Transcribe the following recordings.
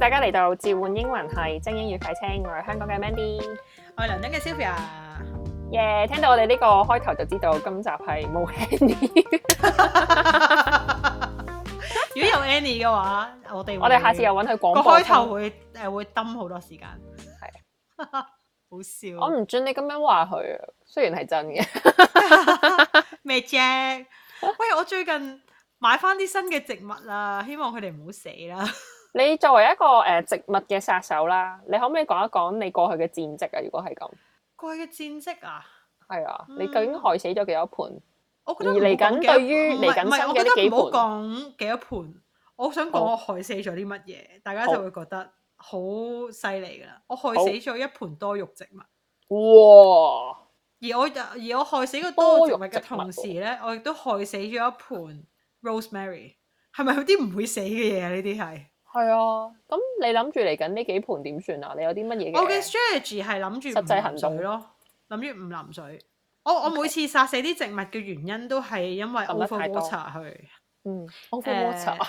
大家嚟到《召喚英文系精英語快清，我係香港嘅 Mandy，我係倫敦嘅 Sylvia。耶！Yeah, 聽到我哋呢、呢個開頭就知道，今集係冇 Annie。 如果有 Annie 嘅話，我哋我哋下次又揾佢廣播。個開頭會誒會揼好多時間。係。 好笑。我唔准你咁樣話佢啊！雖然係真嘅。咩 啫？ 喂，我最近買翻啲新嘅植物啊，希望佢哋唔好死啦。 你作為一個誒植物嘅殺手啦，你可唔可以講一講你過去嘅戰績啊？如果係咁，過去嘅戰績啊，係啊，嗯、你究竟害死咗幾多盤？我覺得，而嚟緊對於嚟緊嘅幾盤，唔好講幾多盤，我想講我害死咗啲乜嘢，哦、大家就會覺得好犀利㗎啦！我害死咗一盤多肉植物，哇！而我而我害死咗多，多肉植物嘅同時咧，我亦都害死咗一盤 rosemary，係咪有啲唔會死嘅嘢啊？呢啲係。係啊，咁你諗住嚟緊呢幾盤點算啊？你有啲乜嘢嘅？我嘅 strategy 係諗住唔淋水咯，諗住唔淋水。我我每次殺死啲植物嘅原因都係因為 over water 去，嗯，over water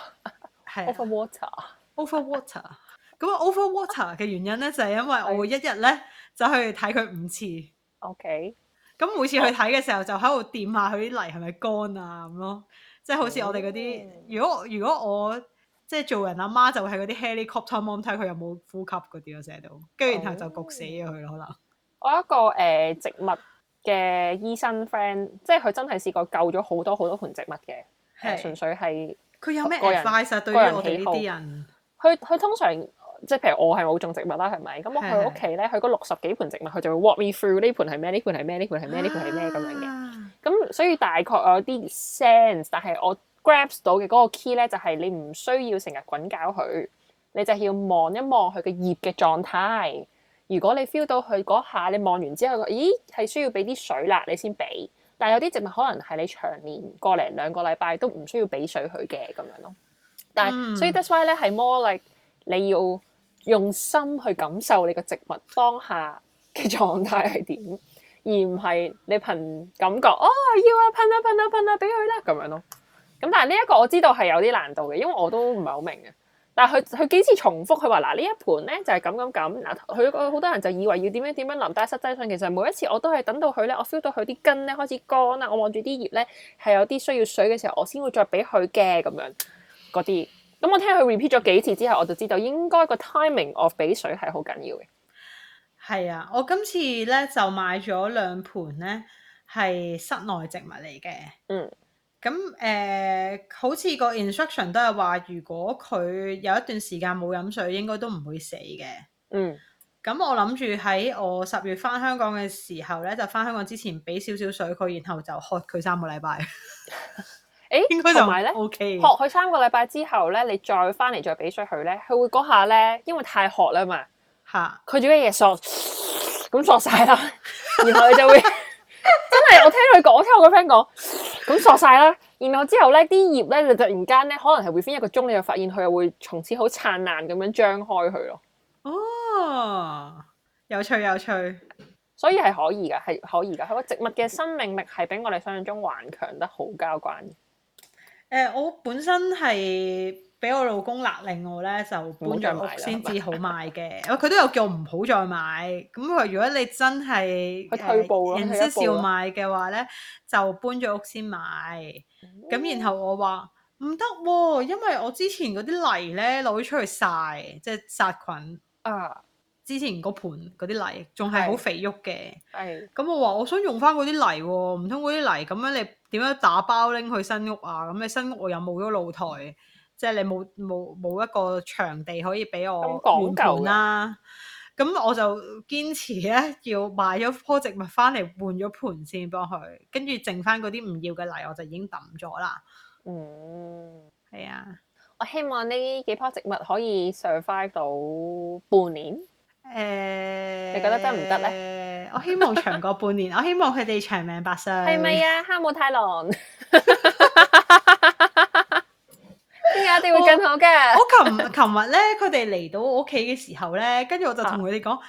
係 over water，over water。咁 over water 嘅原因咧就係因為我一日咧就去睇佢五次。OK，咁每次去睇嘅時候就喺度掂下佢啲泥係咪乾啊咁咯，即係好似我哋嗰啲如果如果我。即係做人阿媽,媽就係嗰啲 helicopter mom 睇佢有冇呼吸嗰啲啊。成日都跟住然後就焗死咗佢咯，oh. 可能我一個誒、呃、植物嘅醫生 friend，即係佢真係試過救咗好多好多盆植物嘅，係是、呃、純粹係佢有咩 advice 對於我哋呢啲人？佢佢、啊、通常即係譬如我係冇種植物啦，係咪？咁我佢屋企咧，佢嗰的六十幾盆植物，佢就會 walk me through 呢盆係咩？呢盆係咩？呢盆係咩？呢盆係咩咁樣嘅？咁、ah. 所以大概有啲 sense，但係我。grabs 到嘅嗰個 key 咧，就係、是、你唔需要成日滾搞佢，你就要望一望佢嘅葉嘅狀態。如果你 feel 到佢嗰下，你望完之後，咦係需要俾啲水啦，你先俾。但係有啲植物可能係你長年過嚟兩個禮拜都唔需要俾水佢嘅咁樣咯。嗯、但係所以 that's why 咧係 more like，你要用心去感受你個植物當下嘅狀態係點，而唔係你憑感覺哦要啊噴啊噴啊噴啊俾佢啦咁樣咯。咁但係呢一個我知道係有啲難度嘅，因為我都唔係好明嘅。但係佢佢幾次重複，佢話嗱呢一盆咧就係咁咁咁嗱，佢好多人就以為要點樣點樣淋，但係實際上其實每一次我都係等到佢咧，我 feel 到佢啲根咧開始乾啦，我望住啲葉咧係有啲需要水嘅時候，我先會再俾佢嘅咁樣嗰啲。咁我聽佢 repeat 咗幾次之後，我就知道應該個 timing 我俾水係好緊要嘅。係啊，我今次咧就買咗兩盆咧係室內植物嚟嘅。嗯。咁誒、呃，好似個 instruction 都係話，如果佢有一段時間冇飲水，應該都唔會死嘅。嗯。咁我諗住喺我十月翻香港嘅時候咧，就翻香港之前俾少少水佢，然後就喝佢三個禮拜。誒、 欸，應該就係咧。OK。喝佢 Okay. 三個禮拜之後咧，你再翻嚟再俾水佢咧，佢會嗰下咧，因為太渴 o 啦嘛。吓哈，佢做嘅嘢索，咁索晒啦， 然後佢就會 真係我聽佢講，我聽我個 friend 講。咁索晒啦， 然後之後咧，啲葉咧就突然間咧，可能係會翻一個鐘，你就發現佢又會從此好燦爛咁樣張開佢咯。哦，有趣有趣，所以係可以噶，係可以噶，佢個植物嘅生命力係比我哋想象中頑強得好交關。誒、呃，我本身係。俾我老公勒令我咧，就搬咗屋先至好買嘅。佢都有叫我唔好再買，咁佢話如果你真係認真少買嘅話咧，就搬咗屋先買。咁、嗯、然後我話唔得喎，因為我之前嗰啲泥咧攞咗出去晒，即係殺菌。啊！之前個盤嗰啲泥仲係好肥沃嘅。係。咁我話我想用翻嗰啲泥喎，唔通嗰啲泥咁樣你點樣打包拎去新屋啊？咁你新屋我又冇咗露台。即係你冇冇冇一個場地可以俾我換盆啦，咁我就堅持咧、啊、要買咗棵植物翻嚟換咗盆先幫佢，跟住剩翻嗰啲唔要嘅泥我就已經抌咗啦。嗯，係啊，我希望呢幾棵植物可以 survive 到半年。誒、欸，你覺得得唔得咧？我希望長過半年， 我希望佢哋長命百歲。係咪啊？哈姆太郎。 會更好嘅。我琴琴日咧，佢哋嚟到我屋企嘅時候咧，跟住我就同佢哋講。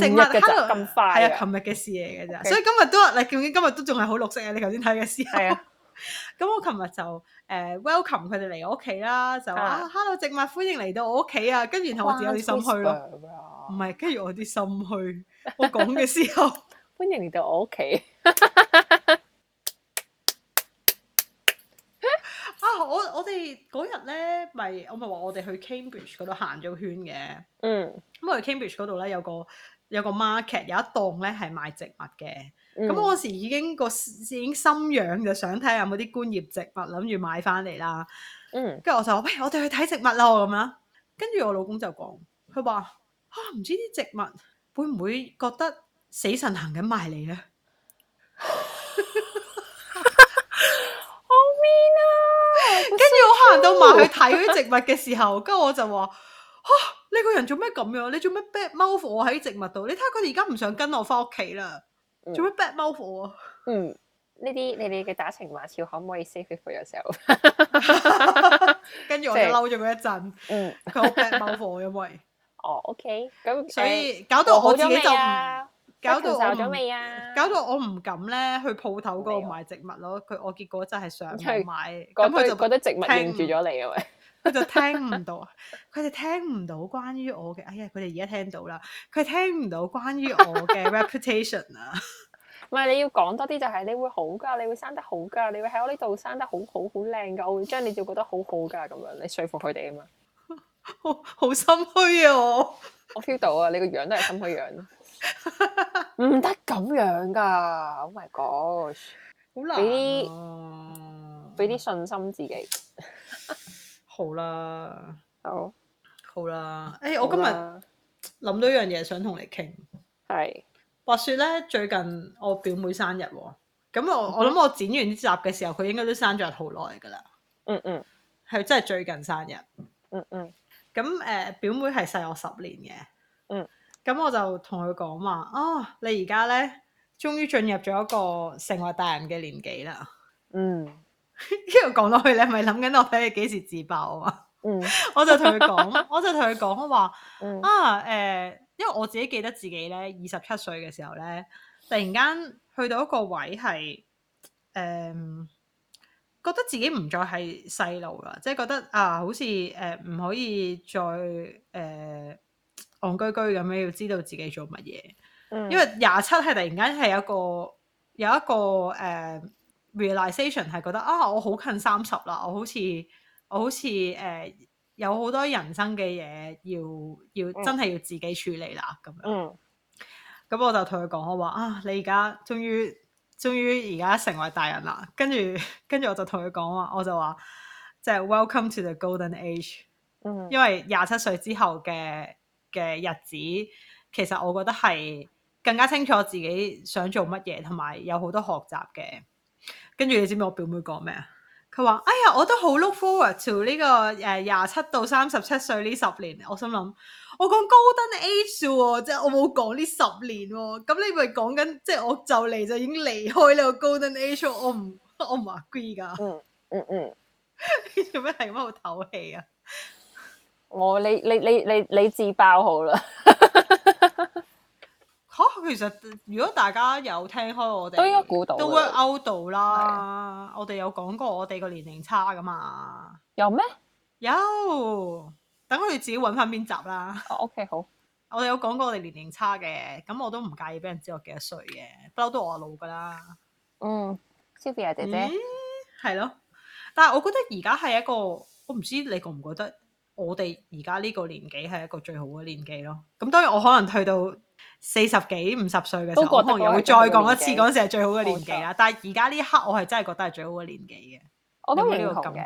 琴日嘅咋咁快？係啊，琴 "Hello, 日嘅 Hello、啊、事嚟嘅咋。Okay. 所以今日都，你究竟今日都仲係好綠色啊！你頭先睇嘅事。係。咁我琴日就誒、呃、welcome 佢哋嚟我屋企啦，就話、啊、hello 植物，歡迎嚟到我屋企啊！跟住然後我自己有啲心虛咯，唔係、啊，跟住我啲心虛。我講嘅時候， 歡迎嚟到我屋企。 我我哋嗰日咧，咪我咪話我哋去 Cambridge 嗰度行咗圈嘅。嗯，咁我去 Cambridge 嗰度咧，有個有個 market，有一檔咧係賣植物嘅。咁、嗯、我時已經個已經心癢，就想睇下有冇啲觀葉植物，諗住買翻嚟啦。嗯，跟住我就話：喂，我哋去睇植物啦。咁樣，跟住我老公就講，佢話：啊，唔知啲植物會唔會覺得死神行緊埋嚟咧？ 我行到埋去睇嗰啲植物嘅時候，跟住我就話：吓、啊、呢個人做咩咁樣？你做咩 bad mouth 我喺植物度？你睇下佢哋而家唔想跟我翻屋企啦。做咩 bad mouth 啊？嗯，呢啲你哋嘅打情罵俏可唔可以 save it for yourself？跟住我就嬲咗佢一陣。嗯，佢好 bad mouth 因為哦，OK，咁所以搞到我自己就唔。搞到我唔敢咧去鋪頭嗰度買植物咯。佢我結果真係想唔買，咁佢就覺得植物認住咗你嘅。佢就聽唔到，佢哋 聽唔到關於我嘅。哎呀，佢哋而家聽到啦，佢聽唔到關於我嘅 reputation 啊。唔係你要講多啲，就係，就係你會好㗎，你會生得好㗎，你會喺我呢度生得好好好靚㗎，我會將你做覺得好好㗎咁樣，你説服佢哋啊嘛。好心虛啊我， 我 feel 到啊，你個樣都係心虛樣。 唔得咁樣噶！Oh my God！好難俾啲信心自己， 好啦，好，好啦。誒，我今日諗到一樣嘢，想同你傾。係，話說咧，最近我表妹生日，咁我我諗我剪完呢集嘅時候，佢應該都生咗好耐噶啦。嗯嗯，係真係最近生日。嗯嗯，咁誒、呃，表妹係細我十年嘅。嗯。咁我就同佢講話，哦、啊，你而家咧，終於進入咗一個成為大人嘅年紀啦。嗯，一路講落去，你係咪諗緊我睇你幾時自爆啊？嗯， 我就同佢講，我就同佢講話，啊，誒、呃，因為我自己記得自己咧，二十七歲嘅時候咧，突然間去到一個位係，誒、呃，覺得自己唔再係細路啦，即係覺得啊，好似誒唔可以再誒。呃戇居居咁樣要知道自己做乜嘢，因為廿七係突然間係有一個有一個誒 realization 係覺得啊，我好近三十啦，我好似我好似誒、uh, 有好多人生嘅嘢要要真係要自己處理啦咁樣。咁、mm. 我就同佢講，我話啊，你而家終於終於而家成為大人啦，跟住跟住我就同佢講話，我就話即係 Welcome to the Golden Age，因為廿七歲之後嘅嘅日子，其實我覺得係更加清楚自己想做乜嘢，同埋有好多學習嘅。跟住你知唔知我表妹講咩啊？佢話：哎呀，我都好 look forward to 呢個誒廿七到三十七歲呢十年。我心諗，我講 Golden Age 喎，哦，即係我冇講呢十年喎。咁你咪講緊，即係我就嚟就已經離開呢個 Golden Age 喎。我唔，我唔 agree 噶。嗯嗯嗯，做咩停翻好透氣啊？我、哦、你你你你你自爆好啦嚇、 哦！其實如果大家有聽開我哋都應該估到，都 work out 到啦。的我哋有講過我哋個年齡差噶嘛？有咩嗎有？等佢哋自己揾翻邊集啦。哦，OK，好。我哋有講過我哋年齡差嘅，咁我都唔介意俾人知我幾多歲嘅，不嬲都我老噶啦。嗯，Sylvia 姐姐啫，係、嗯、咯。但係我覺得而家係一個，我唔知你覺唔覺得？我哋而家呢個年紀係一個最好嘅年紀咯。咁當然我可能退到四十幾五十歲嘅時候，我可能又會再講一次嗰陣時係最好嘅年紀啦。錯但係而家呢一刻，我係真係覺得係最好嘅年紀嘅。我都有呢個感覺。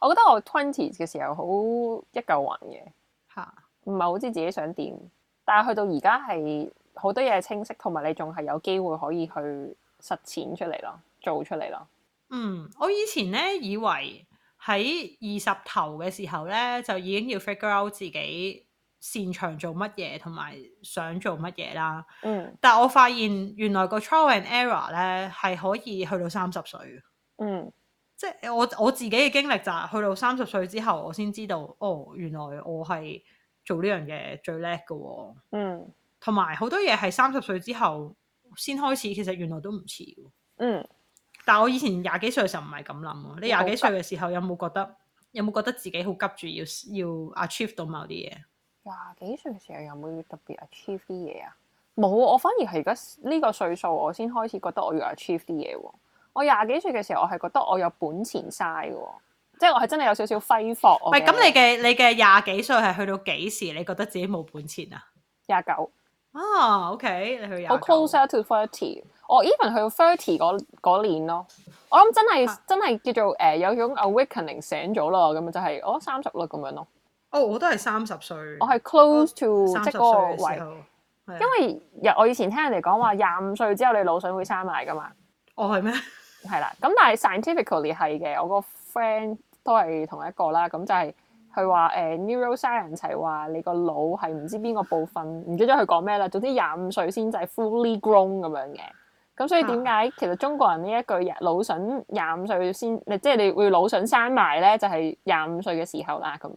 我覺得我 twenties 嘅時候好一嚿雲嘅。嚇哈！唔係好知自己想點，但係去到而家係好多嘢清晰，同埋你仲係有機會可以去實踐出嚟咯，做出嚟咯。嗯，我以前咧以為。喺二十頭嘅時候咧，就已經要 figure out 自己擅長做乜嘢，同埋想做乜嘢啦。嗯，但我發現原來個 trial and error 咧係可以去到三十歲嘅。嗯，即係我我自己嘅經歷就係、是，去到三十歲之後，我先知道哦，原來我係做呢樣嘢最叻嘅，哦。嗯，同埋好多嘢係三十歲之後先開始，其實原來都唔遲。嗯。但係我以前廿幾歲嘅時候唔係咁諗喎，你廿幾歲嘅時候有冇覺得有冇覺得自己好急住要要 achieve 到某啲嘢？廿幾歲嘅時候有冇特別 achieve 啲嘢啊？冇，我反而係而家呢個歲數，我先開始覺得我要 achieve 啲嘢。我廿幾歲嘅時候，我係覺得我有本錢嘥嘅，即係我係真係有少少揮霍。唔係咁，你嘅你嘅廿幾歲係去到幾時？你覺得自己冇本錢啊？廿九啊，OK，你去廿九好 close 啊，to thirty。我、oh, even 去到 thirty 嗰年咯，我諗真係真係叫做誒有種 awakening 醒咗啦，咁就係我三十啦咁樣咯。哦，我都係三十歲。我係 close to 即係個位，因為我以前聽人哋講話廿五歲之後你腦囟會生埋噶嘛。哦、oh，係咩？係啦，咁但係 scientifically 係嘅。我個 friend 都係同一個啦，咁就係佢話誒、uh, neuroscience 係話你個腦係唔知邊個部分，唔記得佢講咩啦。總之廿五歲先就係 fully grown 咁樣嘅。咁、嗯、所以點解其實中國人呢一句廿腦囟廿五歲先，即係你會腦囟生埋咧，就係廿五歲嘅時候啦，咁樣。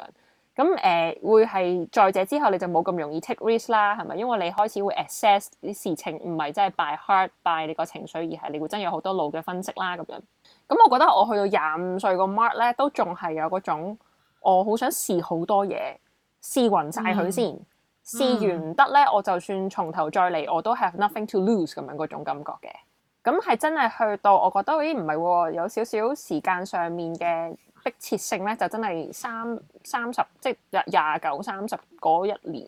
咁誒、呃、會係在這之後你就冇咁容易 take risk 啦，係咪？因為你開始會 assess 啲事情，唔係真係 by heart，by 你個情緒，而係你會真有好多腦嘅分析啦，咁樣。咁我覺得我去到廿五歲個 mark 咧，都仲係有嗰種我好想試好多嘢，試勻晒佢先。嗯試完唔得咧，嗯、我就算從頭再嚟，我都 have nothing to lose 咁樣嗰種感覺嘅。咁係真係去到，我覺得咦唔係喎，有少少時間上面嘅迫切性咧，就真係三三十即係廿九三十嗰一年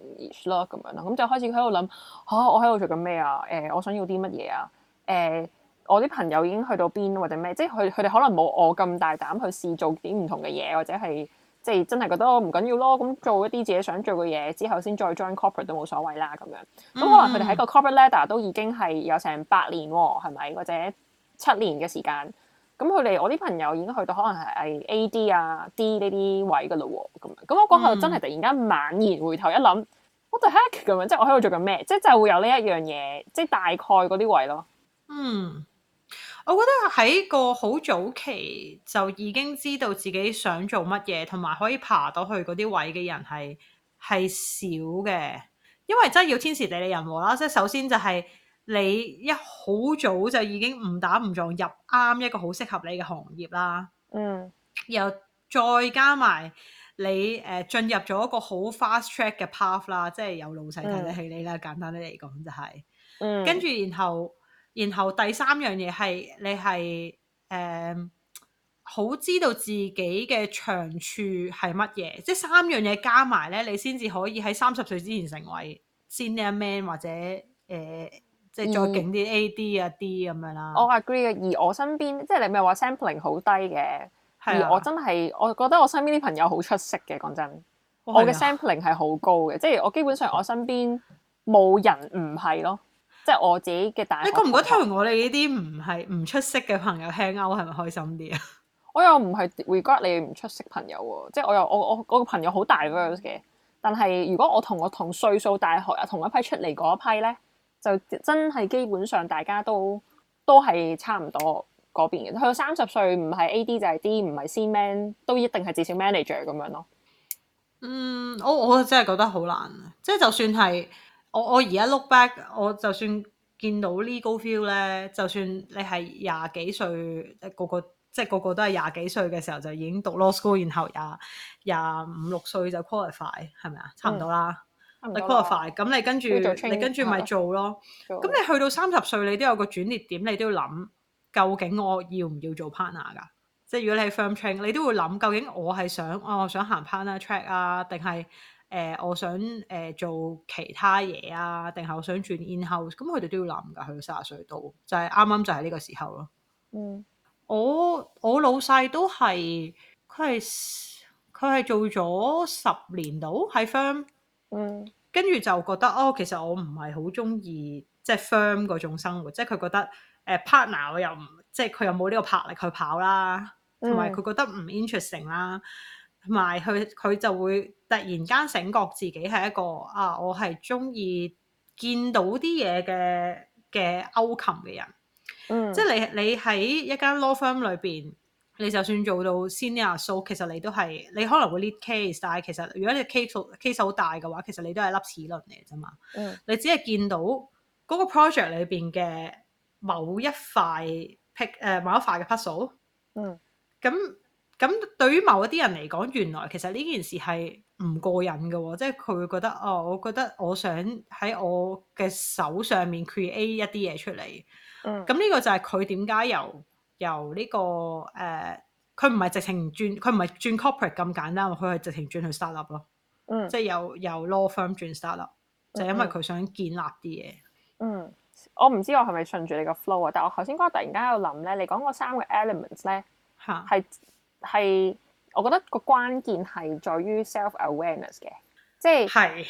咯咁樣咯。咁就開始喺度諗吓，我喺度做緊咩啊？誒、呃，我想要啲乜嘢啊？誒、呃，我啲朋友已經去到邊或者咩？即係佢佢哋可能冇我咁大膽去試做啲唔同嘅嘢，或者係。即係真係覺得唔緊要咯，咁做一啲自己想做嘅嘢之後，先再 join corporate 都冇所謂啦咁樣。咁、mm hmm. 可能佢哋喺個 corporate ladder 都已經係有成八年喎，係咪？或者七年嘅時間，咁佢哋我啲朋友已經去到可能係 A、啊、D 啊 D 呢啲位噶嘞喎。咁咁我講下，真係突然間猛然回頭一諗，What the、mm hmm. heck 咁樣，即係我喺度做緊咩？即係就會有呢一樣嘢，即係大概嗰啲位咯。嗯、mm。Hmm. 我覺得喺個好早期就已經知道自己想做乜嘢，同埋可以爬到去嗰啲位嘅人係係少嘅，因為真係要天時地利人和啦。即係首先就係你一好早就已經誤打誤撞入啱一個好適合你嘅行業啦。嗯。又再加埋你誒、呃、進入咗一個好 fast track 嘅 path 啦，即係有老細睇得起你啦。嗯、簡單啲嚟講就係、是，跟住然後。嗯、然後然後第三樣嘢係你係誒、呃、好知道自己嘅長處係乜嘢，即係三樣嘢加埋咧，你先至可以喺三十歲之前成為 Senior Man 或者誒、呃、即係再勁啲 A D 啊 D 咁樣啦。嗯、我 agree 嘅，而我身邊即係你咪話 Sampling 好低嘅，啊、而我真係我覺得我身邊啲朋友好出色嘅，講真，哦啊、我嘅 Sampling 係好高嘅，即係我基本上我身邊冇人唔係咯。即係我自己嘅大學同學，你覺唔覺得同我哋呢啲唔係唔出色嘅朋友 hang out 係咪開心啲啊？我又唔係 regard 你唔出色朋友喎，即係我又我我我個朋友好 diverse 嘅，但係如果我同我同歲數大學啊，同一批出嚟嗰一批咧，就真係基本上大家都都係差唔多嗰邊嘅。去到三十歲唔係 A D 就係 D，唔係 C man，都一定係至少 manager 咁樣咯。嗯，我我真係覺得好難，即係就算係。我我而家 look back，我就算見到 legal feel 咧，就算你係廿幾歲，誒個個即係個個都係廿幾歲嘅時候就已經讀 law school，然後廿廿五六歲就 qualify，係咪啊？差唔多啦，你 qualify，咁你跟住做你跟住咪做咯。咁你去到三十歲，你都有個轉捩點，你都要諗究竟我要唔要做 partner 噶？即係如果你係 firm train，你都會諗究竟我係想、哦、我想行 partner track 啊，定係？誒、呃，我想誒、呃、做其他嘢啊，定係我想轉 in house，咁佢哋都要諗噶。去到卅歲度，就係啱啱就係呢個時候咯。嗯，我我老細都係，佢係佢係做咗十年度喺 firm。嗯，跟住就覺得哦，其實我唔係好中意即係 firm 嗰種生活，即係佢覺得誒 partner 我又唔，即係佢又冇呢個魄力去跑啦、啊，同埋佢覺得唔 interesting 啦、啊。同埋佢佢就會突然間醒覺自己係一個啊，我係中意見到啲嘢嘅嘅 outcome 嘅人。嗯，即係你你喺一間 law firm 裏邊，你就算做到 senior so，其實你都係你可能會 lead case，但係其實如果你 case case 好大嘅話，其實你都係一粒齒輪嚟嘅啫嘛。嗯，你只係見到嗰個 project 裏邊嘅某一塊 pick、呃、某一塊嘅 puzzle。嗯，咁。咁對於某一啲人嚟講，原來其實呢件事係唔過癮嘅喎、哦，即係佢會覺得哦，我覺得我想喺我嘅手上面 create 一啲嘢出嚟。嗯。咁呢個就係佢點解由由呢、呢個誒，佢唔係直情轉，佢唔係轉 corporate 咁簡單，佢係直情轉去 startup 咯、嗯。即係由由 law firm 轉 startup，、嗯嗯、就因為佢想建立啲嘢。嗯。我唔知我係咪順住你 flow，個 flow 啊？但係我頭先剛突然間喺度諗咧，你講嗰三個 elements 咧，嚇係哈。係，我覺得個關鍵係在於 self awareness 嘅，即係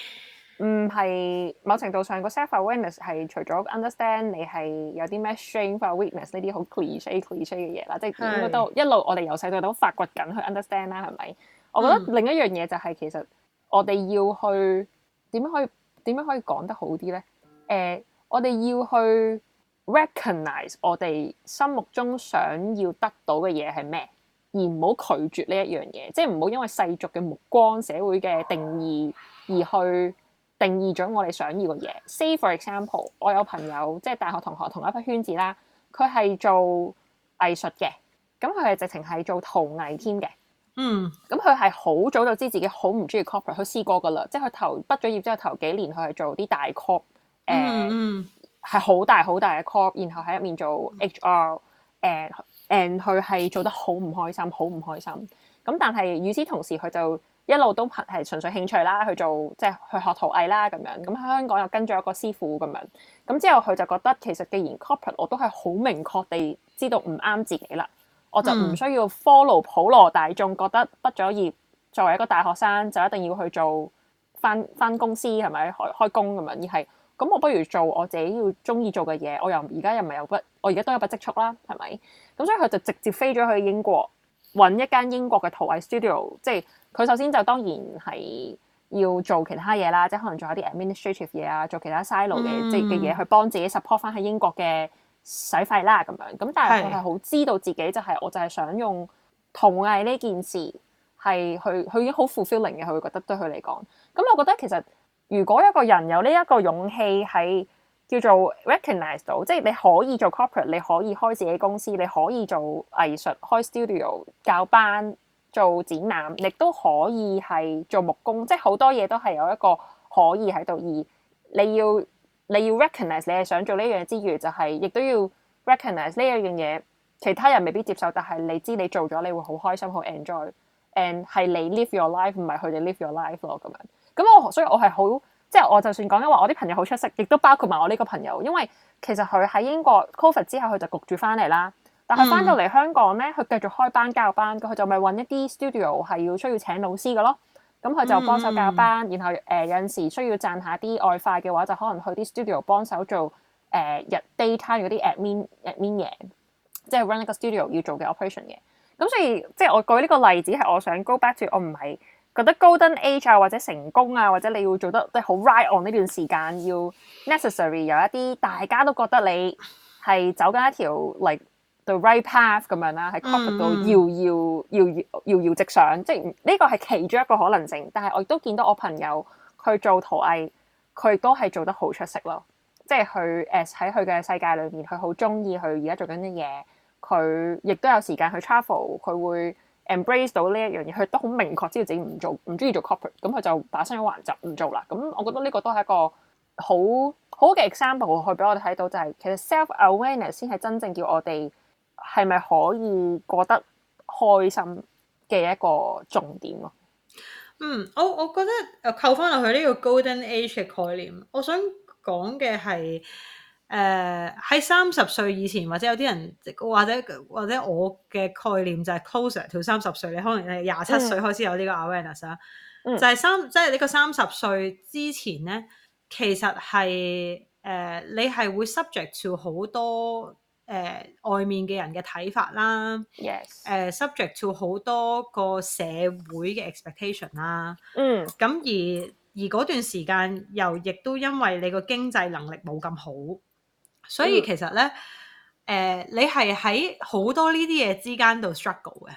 唔係某程度上個 self awareness 係除咗 understand 你係有啲咩 strength 或 weakness 呢啲好 cliche cliche 嘅嘢啦，是即係應該都一路我哋由細到大都發掘緊去 understand 啦，係咪？我覺得另一樣嘢就係、是嗯、其實我哋要去點樣可以點樣可以講得好啲咧？誒、呃，我哋要去 recognize 我哋心目中想要得到嘅嘢係咩？而唔好拒絕呢一樣嘢，即係唔好因為世俗嘅目光、社會嘅定義，而去定義咗我哋想要嘅嘢。Say for example，我有朋友即係大學同學同一個圈子啦，佢係做藝術嘅，咁佢係直情係做陶藝添嘅。嗯，咁佢係好早就知自己好唔中意 corporate，佢試過噶啦，即係佢頭畢咗業之後頭幾年佢係做啲大 corp，誒係好大好大嘅 corp，然後喺入面做 HR，誒、uh。誒，佢係做得好唔開心，好唔開心。咁但係與此同時，佢就一路都係純粹興趣啦，去做即係去學圖藝啦，咁樣咁。香港又跟咗一個師傅咁樣咁之後，佢就覺得其實既然 corporate 我都係好明確地知道唔啱自己啦，我就唔需要 follow 普羅大眾覺得畢咗業作為一個大學生就一定要去做翻翻公司係咪開開工咁樣？而係咁，我不如做我自己要中意做嘅嘢。我又而家又咪有筆，我而家都有筆積蓄啦，係咪？咁所以佢就直接飛咗去英國揾一間英國嘅陶藝 studio，即係佢首先就當然係要做其他嘢啦，即係可能做下啲 administrative 嘢啊，做其他 side 路嘅即嘅嘢去幫自己 support 翻喺英國嘅使費啦咁樣。咁但係佢係好知道自己就係、是、是我就係想用陶藝呢件事係去佢已經好 fulfilling 嘅，佢會覺得對佢嚟講。咁我覺得其實如果一個人有呢一個勇氣喺。叫做 recognize 到，即係你可以做 corporate，你可以開自己公司，你可以做藝術開 studio 教班，做展覽，亦都可以係做木工，即係好多嘢都係有一個可以喺度。而你要你要 recognize 你係想做呢樣之餘，就係亦都要 recognize 呢一樣嘢，其他人未必接受，但係你知你做咗，你會好開心，好 enjoy，and 係你 live your life，唔係佢哋 live your life 咯。咁樣，咁我所以我係好。即係我就算講緊話，我啲朋友好出色，亦都包括埋我呢個朋友，因為其實佢喺英國 COVID 之後，佢就焗住翻嚟啦。但係翻到嚟香港咧，佢繼續開班教班，佢就咪揾一啲 studio 係要需要請老師嘅咯。咁佢就幫手教班，然後誒、呃、有陣時需要賺下啲外快嘅話，就可能去啲 studio 幫手做誒、呃、日 daytime 嗰啲 admin admin 嘢，即係 run 一個 studio 要做嘅 operation 嘅。咁所以即係我舉呢個例子係我想 go back 住，我唔係。覺得 golden age 啊，或者成功啊，或者你要做得即係好 right on 呢段時間，要 necessary 有一啲大家都覺得你係走緊一條 like the right path 咁樣啦，係 cover 到遙遙遙遙遙直上，即係呢個係其中一個可能性。但係我亦都見到我朋友佢做陶藝，佢亦都係做得好出色咯。即係佢誒喺佢嘅世界裏面，佢好中意佢而家做緊嘅嘢，佢亦都有時間去 travel，佢會 embrace 到呢一樣嘢，佢都好明確知道自己唔做，唔中意做 corporate 咁佢就打生咗壞習慣唔做啦。咁我覺得呢個都係一個好好嘅 example，去俾我哋睇到就係、係、其實 self-awareness 先係真正叫我哋係咪可以過得開心嘅一個重點咯。嗯，我我覺得誒扣翻落去呢個 golden age 嘅概念，我想講嘅係。誒喺三十歲以前，或者有啲人，或者或者我嘅概念就係 closer 條三十歲，你可能你廿七歲開始有呢個 awareness 啦、mm.。就係三即係呢個三十歲之前咧，其實係誒、uh, 你係會 subject to 好多誒、uh, 外面嘅人嘅睇法啦。y s, Yes . u、uh, b j e c t to 好多個社會嘅 expectation 啦。嗯、mm.，咁而而嗰段時間又亦都因為你個經濟能力冇咁好。所以其實咧，誒、呃，你係喺好多呢啲嘢之間度 struggle 嘅，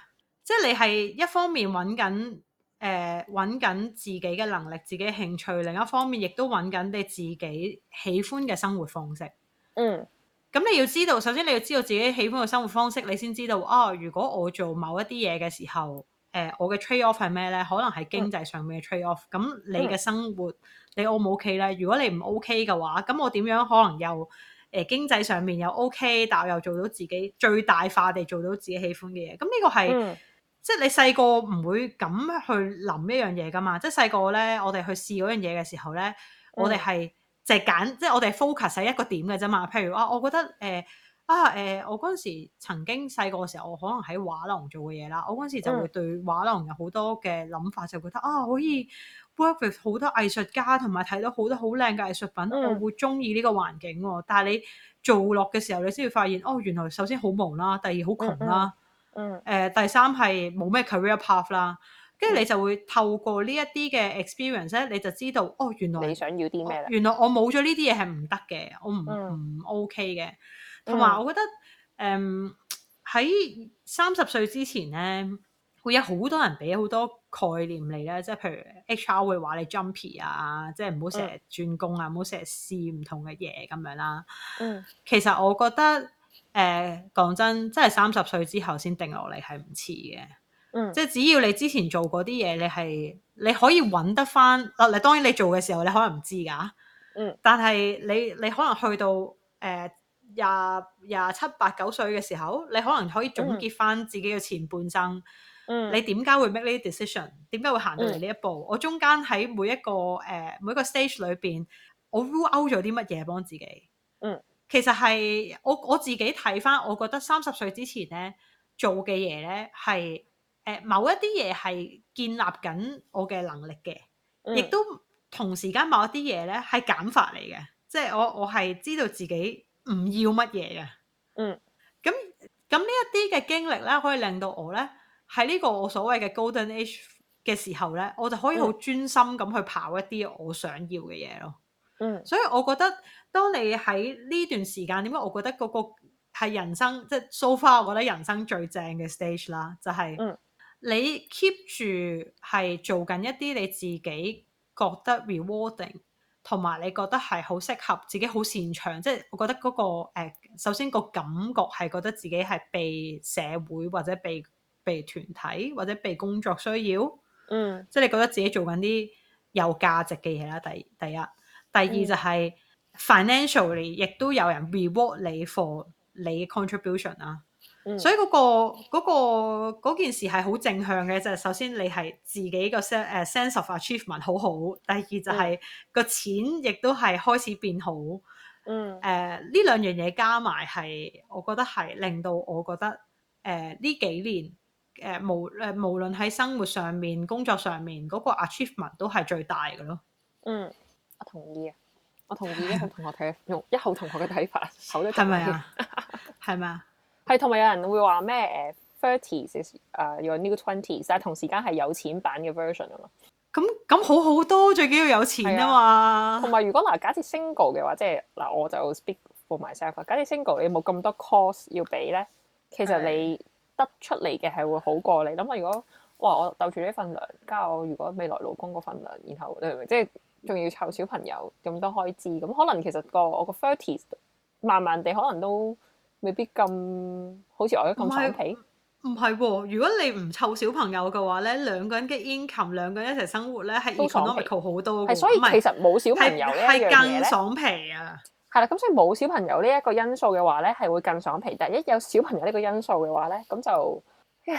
即係你係一方面揾緊誒揾緊自己嘅能力、自己嘅興趣，另一方面亦都揾緊你自己喜歡嘅生活方式。嗯，咁你要知道，首先你要知道自己喜歡嘅生活方式，你先知道啊。如果我做某一啲嘢嘅時候，誒、呃，我嘅 trade off 係咩咧？可能係經濟上面嘅 trade off、嗯。咁你嘅生活你 O 唔 O K 咧？如果你唔 O K 嘅話，咁我點樣可能又？誒經濟上面又 OK，但又做到自己最大化地做到自己喜歡嘅嘢。咁呢個係、嗯、即係你細個唔會咁去諗一樣嘢噶嘛？即係細個咧，我哋去試嗰樣嘢嘅時候咧，嗯、我哋係淨係揀，即係我哋 focus 喺一個點嘅啫嘛。譬如啊，我覺得誒、呃、啊誒、呃，我嗰陣時曾經細個嘅時候，我可能喺畫廊做嘅嘢啦。我嗰陣時就會對畫廊有好多嘅諗法，就覺得、嗯、啊，可以。work with 好多藝術家同埋睇到好多好靚嘅藝術品，我、嗯、會中意呢個環境，哦。但係你做落嘅時候，你先會發現哦，原來首先好忙啦，第二好窮啦，嗯，誒、呃，第三係冇咩 career path 啦。跟住你就會透過呢一啲嘅 experience 咧，你就知道哦，原來你想要啲咩咧？原來我冇咗呢啲嘢係唔得嘅，我唔唔、嗯、OK 嘅。同埋我覺得誒，喺三十歲之前咧，會有好多人俾好多。概念嚟咧，即係譬如 HR 會話你 jumpy 啊，即係唔好成日轉工啊，唔好成日試唔同嘅嘢咁樣啦。嗯，其實我覺得誒講真，即係三十歲之後先定落嚟係唔遲嘅。嗯、即係只要你之前做過啲嘢，你係你可以揾得翻。嗱，當然你做嘅時候你可能唔知㗎。嗯，但係你你可能去到誒廿廿七八九歲嘅時候，你可能可以總結翻自己嘅前半生。嗯嗯，你點解會 make 呢啲 decision？點解會行到嚟呢一步？嗯、我中間喺每一個誒、呃、每一個 stage 裏邊，我 rule out 咗啲乜嘢幫自己？嗯，其實係我我自己睇返，我覺得三十歲之前咧做嘅嘢咧係誒某一啲嘢係建立緊我嘅能力嘅，亦、嗯、都同時間某一啲嘢咧係減法嚟嘅，即、就、係、是、我我係知道自己唔要乜嘢嘅。嗯，咁咁呢一啲嘅經歷咧，可以令到我咧。喺呢個我所謂嘅 Golden Age 嘅時候咧，我就可以好專心咁去跑一啲我想要嘅嘢咯。嗯，mm. 所以我覺得，當你喺呢段時間，點解我覺得嗰個係人生即係、就是、so far，我覺得人生最正嘅 stage 啦，就係、是 mm. 你 keep 住係做緊一啲你自己覺得 rewarding，同埋你覺得係好適合自己、好擅長，即、就、係、是、我覺得嗰、那個誒，首先個感覺係覺得自己係被社會或者被被團體或者被工作需要，嗯，即係你覺得自己做緊啲有價值嘅嘢啦。第一第一，第二就係、是嗯、financially 亦都有人 reward 你 you for 你 contribution 啦、啊。嗯、所以嗰、那個嗰、那個、件事係好正向嘅，就係、是、首先你係自己個 sense 誒 sense of achievement 好好，第二就係、是、個、嗯、錢亦都係開始變好。嗯，誒呢兩樣嘢加埋係，我覺得係令到我覺得誒呢、呃、幾年。誒無誒無論喺生活上面、工作上面嗰、嗰個 achievement 都係最大嘅咯。嗯，我同意啊，我同意一號同學睇 用一號同學嘅睇法，好啲。係咪啊？係嘛 嗎？係，同埋有人會話咩誒 thirty is your new twenty，但係同時間係有錢版嘅 version 啊嘛。咁咁、嗯嗯、好好多，最緊要有錢啊嘛。同埋如果嗱假設 single 嘅話，即係嗱我就 speak for myself。假設 single、即係、你冇咁多 cost 要俾咧，其實你。 得出嚟嘅係會好過你諗下，如果哇我竇住呢份糧加我如果未來老公嗰份糧，然後你明唔明？即係仲要湊小朋友咁多開支，咁可，可能其實個我個 thirties 慢慢地可能都未必咁好似我咁爽皮。唔係喎，如果你唔湊小朋友嘅話咧，兩個人嘅 income 兩個人一齊生活咧係都 financial 好多嘅，所以其實冇小朋友呢一樣嘢係更爽皮啊！係啦，咁、嗯、所以冇小朋友呢一個因素嘅話咧，係會更爽皮。但一有小朋友呢個因素嘅話咧，咁就係咯，即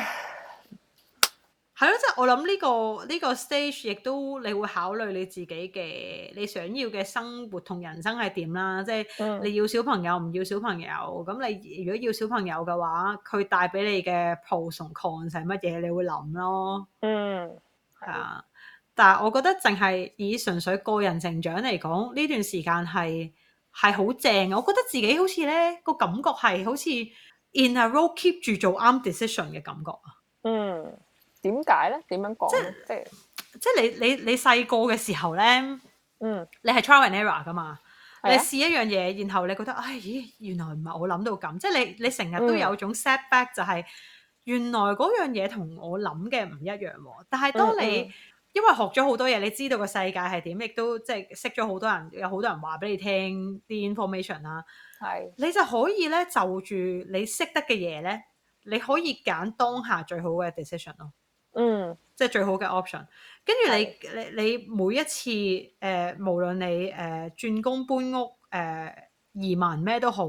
係 我諗呢、這個呢、呢個 stage 亦都你會考慮你自己嘅你想要嘅生活同人生係點啦。即、就、係、係、你要小朋友唔要小朋友，咁、嗯、你如果要小朋友嘅話，佢帶俾你嘅 pros 同 cons 係乜嘢，你會諗咯嗯。嗯，係啊，但係我覺得淨係以純粹個人成長嚟講，呢段時間係。係好正啊！我覺得自己好似咧個感覺係好似 in a row keep 住做啱 decision 嘅感覺啊。嗯，點解咧？點樣講？即即即你你你細個嘅時候咧，嗯，你係 trial and error 噶嘛？你試一樣嘢，然後你覺得，唉、哎、咦，原來唔係我諗到咁。即你你成日都有種 setback 就係、是嗯、原來嗰樣嘢同我諗嘅唔一樣喎、哦。但係當你、嗯嗯因為學咗好多嘢，你知道個世界係點，亦都即係識咗好多人，有好多人話俾你聽啲 information 啦。係是，你就可以咧就住你識得嘅嘢咧，你可以揀當下最好嘅 decision 咯。嗯，即係最好嘅 option。跟住你是你你每一次誒、呃，無論你誒、呃、轉工、搬屋、誒、呃、移民咩都好，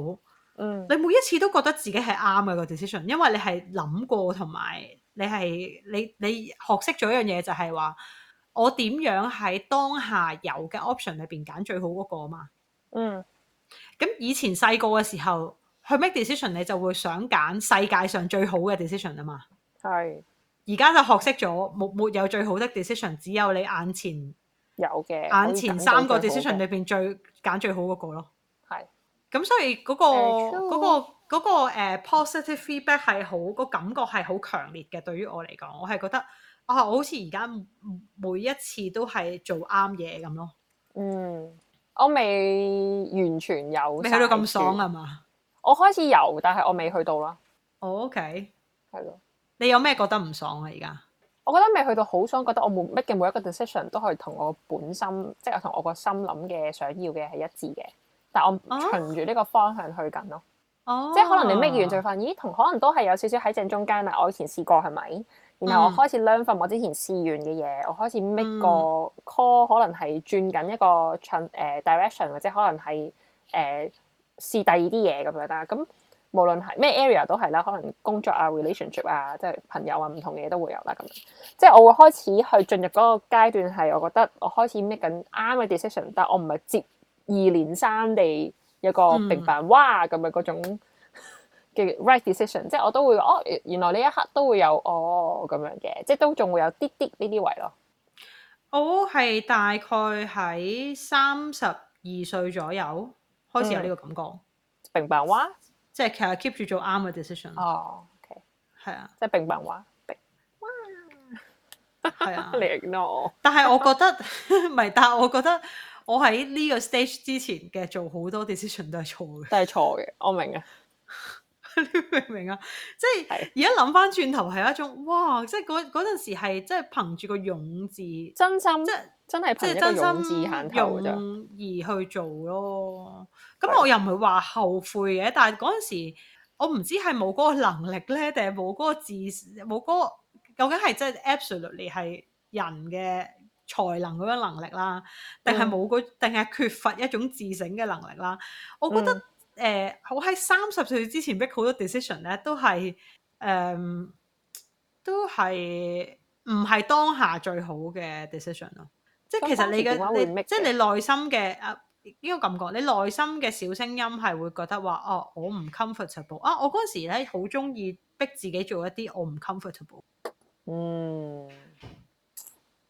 嗯，你每一次都覺得自己係啱嘅個 decision，因為你係諗過同埋。你係你你學識咗一樣嘢就係話，我點樣喺當下有嘅 option 裏邊揀最好嗰個啊嘛。嗯。咁以前細個嘅時候，去 make decision 你就會想揀世界上最好嘅 decision 啊嘛。係是。而家就學識咗，冇沒，沒有最好的 decision，只有你眼前有嘅的眼前三個 decision 裏邊最揀最好嗰個咯。係是。咁所以嗰個嗰個。Very true. 嗰個嗰個、呃、positive feedback 係好、個感覺係好強烈嘅，對於我嚟講，我係覺得啊，我好似而家每一次都係做啱嘢咁咯。嗯，我未完全有，未去到咁爽啊嘛。我開始有，但係我未去到啦。OK，係咯。Oh, okay. 係嘅，你有咩覺得唔爽啊？而家我覺得未去到好爽，覺得我每乜嘅每一個 decision 都係同我本心、就是、我心，即係同我個心諗嘅想要嘅係一致嘅，但我循住呢個方向去緊咯。啊哦，即係可能你 make 完就瞓，咦？同可能都係有少少喺正中間啦。我以前試過係咪？然後我開始 learn 返，我之前試完嘅嘢，我開始 make 個 call，可能係轉緊一個 c 誒 direction，或者可能係誒、呃、試第二啲嘢咁樣啦。咁無論係咩 area 都係啦，可能工作啊、relationship 啊，即係朋友啊，唔同嘅嘢都會有啦。咁即係我會開始去進入嗰個階段，係我覺得我開始 make 緊啱嘅 decision，但我唔係接二連三地。一個明白哇咁樣嗰種嘅 right decision、嗯、即係我都會哦，原來呢一刻都會有哦咁樣嘅，即係都仲會有啲啲呢啲位咯。我係大概喺三十二歲左右開始有呢個感覺，明白、嗯、哇，即係其實 keep 住做啱嘅 decision 哦。哦，OK，係啊，即係明白哇，明哇，係 啊， 你係 ignore 點但係我覺得唔係，但係我覺得。 我喺呢個 stage 之前嘅做好多 decision 都係錯嘅，都係錯嘅。我明啊，你 明唔明啊？即係而家諗返轉頭係一種哇！即係嗰嗰陣時係即係憑住個勇字，真心即係真係憑一個勇字，勇而去做咯。咁我又唔係話後悔嘅，的但係嗰陣時我唔知係冇嗰個能力咧，定係冇嗰個自冇嗰、嗰個，究竟係真係 absolutely 係人嘅。才能嗰種能力啦，定係冇定係缺乏一種自省嘅能力啦。我覺得誒、嗯呃，我喺三十歲之前逼好多 decision 咧、呃，都係誒，都係唔係當下最好嘅 decision 咯。即係其實你嘅即係你內心嘅啊呢個感覺，你內心嘅小聲音係會覺得話哦，我唔 comfortable 啊！我嗰時咧好中意逼自己做一啲我唔 comfortable。嗯，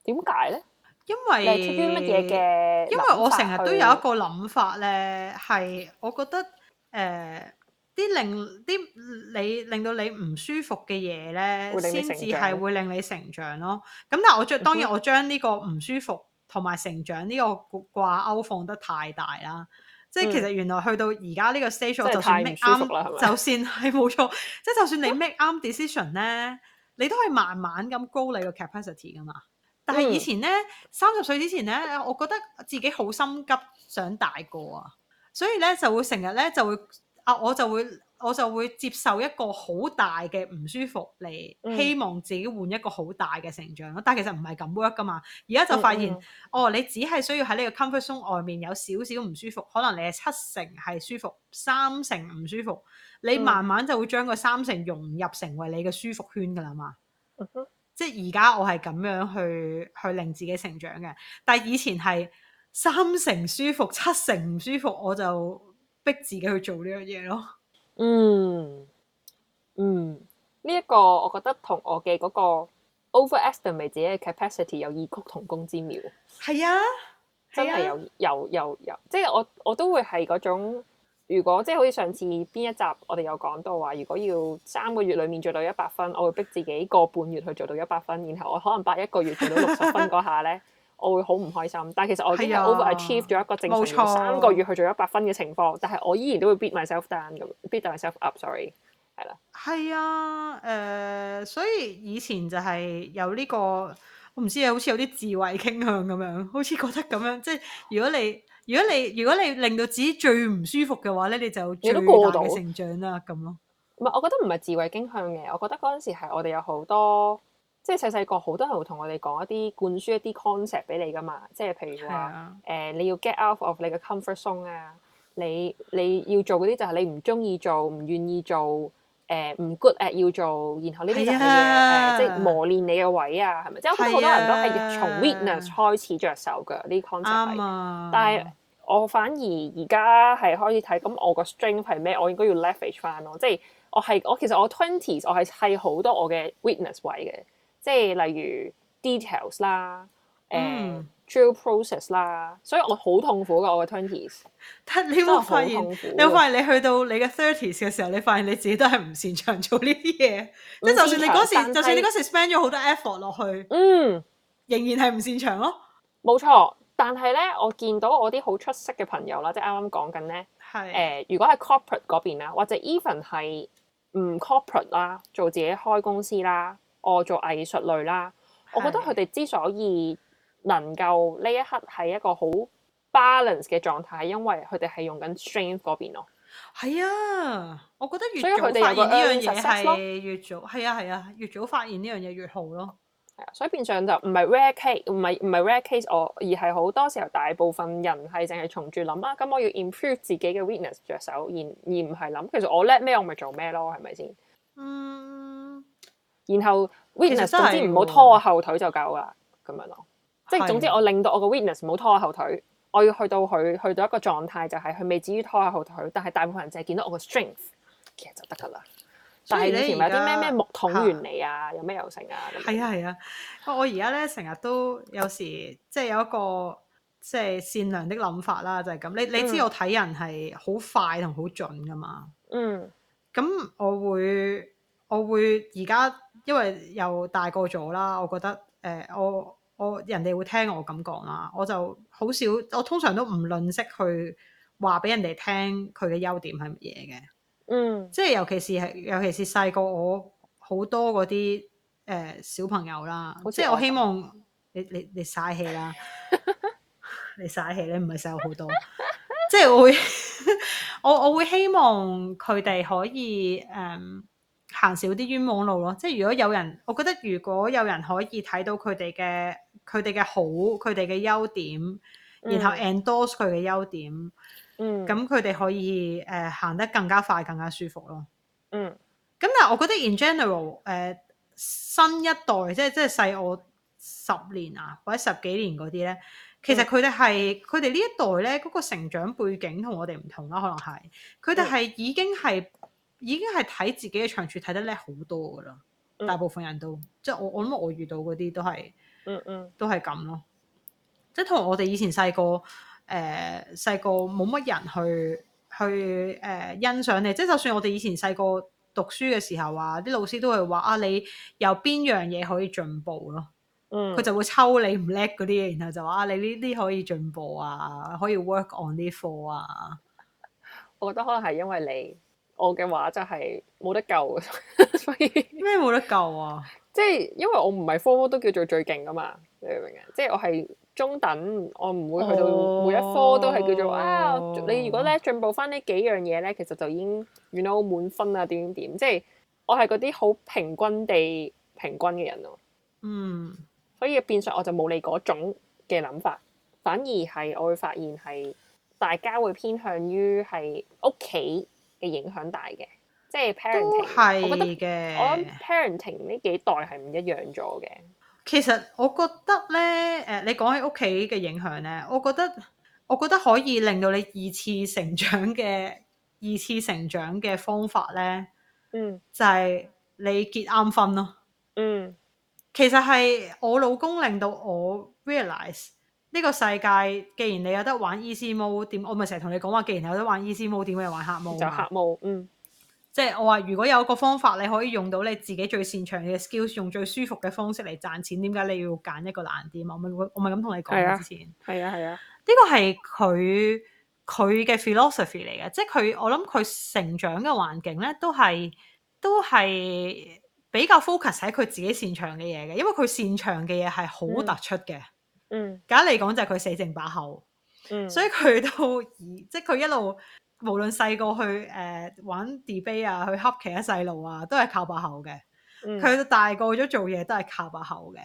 點解咧？因為啲乜嘢嘅，因為我成日都有一個諗法咧，係我覺得誒啲、呃、令啲你令到你唔舒服嘅嘢咧，先至係會令你成長咯。咁但係我將當然我將呢個唔舒服同埋成長呢個掛鈎放得太大啦。嗯、即係其實原來去到而家呢個 stage，就算 make 啱，就算係冇錯，嗎錯，即係就算你 make 啱、right、decision 咧， 你都係慢慢咁 grow 你個 capacity 噶嘛。但係以前咧，三十歲之前咧，我覺得自己好心急，想大個啊，所以咧就會成日咧就會啊，我就會我就會接受一個好大嘅唔舒服嚟，希望自己換一個好大嘅成長咯。嗯、但係其實唔係咁 work 噶嘛。而家就發現，嗯嗯、哦，你只係需要喺呢個 comfort zone 外面有少少唔舒服，可能你係七成係舒服，三成唔舒服，你慢慢就會將個三成融入成為你嘅舒服圈㗎啦嘛。嗯嗯。即係而家我係咁樣去去令自己成長嘅，但係以前係三成舒服，七成唔舒服，我就逼自己去做呢樣嘢咯。嗯嗯，呢一個我覺得同我嘅嗰個 overestimate 自己嘅 capacity 有異曲同工之妙。係啊，啊真係有有有有，即係我我都會係嗰種。如果即係好似上次邊一集我哋有講到話，如果要三個月裡面做到一百分，我會逼自己個半月去做到一百分，然後我可能八一個月做到六十分嗰 下咧，我會好唔開心。但係其實我已經 over achieve 咗一個正常三錯個月去做一百分嘅情況，但係我依然都會 beat myself down 咁，beat myself up sorry。sorry，係啦。係啊，誒、呃，所以以前就係有呢、這個，我唔知，好似有啲智慧傾向咁樣，好似覺得咁樣，即係如果你。如果你如果你令到自己最唔舒服嘅話咧，你就最大嘅成長啦，咁咯。唔係樣，我覺得唔係自慧傾向嘅，我覺得嗰陣時係我哋有好多，即係細細個好多人會同我哋講一啲灌輸一啲 concept 俾你噶嘛。即係譬如話，誒、啊呃、你要 get out of 你嘅 comfort zone 啊，你你要做嗰啲就係你唔中意做、唔願意做。誒唔、uh, good at 要做 Yeah.、uh, like，然後呢啲就係誒即磨練你嘅位啊，係咪？即好多人都係從 weakness 開始着手㗎，啲 concept 啱啊！但係我反而而家係開始睇，咁我個 strength 係咩？我應該要 leverage 翻咯，即係我係我其實我 twenties 我係係好多我嘅 weakness 位嘅，即係例如 details 啦，誒。process 啦，所以我好痛苦噶我嘅 twenties。但你會發現，你會發現你去到你嘅 thirties 嘅時候，你發現你自己都係唔擅長做呢啲嘢。即就算你嗰時，是就算你嗰時 spend 咗好多 effort 落去，嗯，仍然係唔擅長咯、哦。冇錯。但係咧，我見到我啲好出色嘅朋友啦，即係啱啱講緊咧，係誒的、呃，如果係 corporate 嗰邊啦，或者 even 係唔 corporate 啦，做自己開公司啦，我做藝術類啦，我覺得佢哋之所以，能夠呢一刻係一個好 balance 嘅狀態，因為佢哋係用緊 strength 嗰邊咯。係啊，我覺得越早發現呢樣嘢係越早，係啊係啊，越早發現呢樣嘢越好咯。係啊，所以變相就唔係 rare case，唔係唔係 rare case 我，而係好多時候大部分人係淨係從住諗啊，咁我要 improve 自己嘅 weakness 着手，而而唔係諗其實我叻咩，我咪做咩咯，係咪先？嗯。然後 weakness 總之唔好拖我後腿就夠啦，咁樣咯。即係的總之，我令到我個 weakness 冇拖我後腿，我要去到佢去到一個狀態，就係佢未至於拖我後腿，但係大部分人淨係見到我個 strength，其實就得噶啦。所以你以前咪啲咩咩木桶原理啊，的有咩有成啊？係啊係啊，我我而家咧成日都有時，即係有一個即係善良的諗法啦，就係、是、咁。你你知我睇人係好快同好準噶嘛？嗯，咁我會我會而家因為又大個咗啦，我覺得誒、呃、我。我人哋會聽我咁講啦，我就好少，我通常都唔吝嗇去話俾人哋聽佢嘅優點係乜嘢嘅，嗯，即係尤其是係尤其是細個我好多嗰啲誒小朋友啦，即係我希望你你你晒氣啦， 你晒氣，你唔係細我好多，即係我會 我我會希望佢哋可以嗯。行少啲冤枉路咯，即係如果有人，我覺得如果有人可以睇到佢哋嘅佢哋嘅好，佢哋嘅優點，嗯、然後 endorse 佢嘅優點，嗯，咁佢哋可以誒、呃、行得更加快、更加舒服咯。嗯，咁但係我覺得 in general，誒、呃、新一代即係即係細我十年啊，或者十幾年嗰啲咧，其實佢哋係佢哋呢一代咧嗰、嗰個成長背景我同我哋唔同啦，可能係佢哋係已經係。已經係睇自己嘅長處睇得叻好多噶啦，大部分人都、嗯、即係我我諗我遇到嗰啲都係、嗯，嗯嗯，都係咁咯。即係同我哋以前細個，誒細個冇乜人去去誒、呃、欣賞你。即係就算我哋以前細個讀書嘅時候啊，啲老師都係話啊，你有邊樣嘢可以進步咯？佢、啊嗯、就會抽你唔叻嗰啲，然後就話啊，你呢啲可以進步啊，可以 work on 啲課啊。我覺得可能係因為你。我嘅話就係冇得救，所以咩冇得救啊？即係 因為我唔係科科都叫做最勁噶嘛，你明唔明？即、就、係、是、我係中等，我唔會去到每一科都係叫做、oh. 啊！你如果咧進步翻呢幾樣嘢咧，其實就已經原來我滿分啊點點，即係、就是、我係嗰啲好平均地平均嘅人咯、啊。嗯，mm. 所以變相我就冇你嗰種嘅諗法，反而係我會發現係大家會偏向於係屋企。嘅影響大嘅，即係 parenting，我覺得嘅，我覺得 parenting 呢幾代係唔一樣咗嘅。其實我覺得咧，誒，你講起屋企嘅影響咧，我覺得，我覺得可以令到你二次成長嘅，二次成長嘅方法咧，嗯，就係你結啱婚咯，嗯，其實係我老公令到我 realize 呢個世界，既然你有得玩 easy mode，點我咪成日同你講話？既然有得玩 easy mode，點解玩 hard mode？就 hard mode，嗯。即係我話，如果有個方法你可以用到，你自己最擅長嘅 skills 用最舒服嘅方式嚟賺錢，點解你要揀一個難點啊？我咪我咪咁同你講之前，係啊係啊，呢、啊啊、個係佢佢嘅 philosophy 嚟嘅，即係佢我諗佢成長嘅環境咧，都係都係比較 focus 喺佢自己擅長嘅嘢嘅，因為佢擅長嘅嘢係好突出嘅。嗯嗯、簡單嚟講就係、是、佢死剩把口，嗯、所以佢到而即係佢一路無論細個去誒、呃、玩 debate 啊，去恰其他細路啊，都係靠把口嘅。佢、嗯、大個咗做嘢都係靠把口嘅。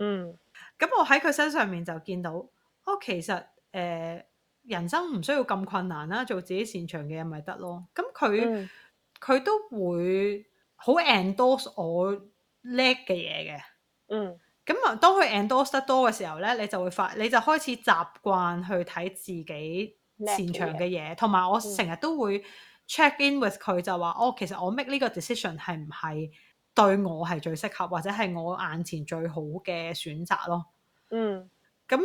嗯，咁我喺佢身上面就見到，我、哦、其實誒、呃、人生唔需要咁困難啦，做自己擅長嘅嘢咪得咯。咁佢佢都會好 endorse 我叻嘅嘢嘅。嗯。咁啊、嗯，當佢 endorse 得多嘅時候咧，你就會發，你就開始習慣去睇自己擅長嘅嘢，同埋我成日都會 check in with 佢，就話、嗯、哦，其實我 make 呢個 decision 係唔係對我係最適合，或者係我眼前最好嘅選擇咯。嗯。咁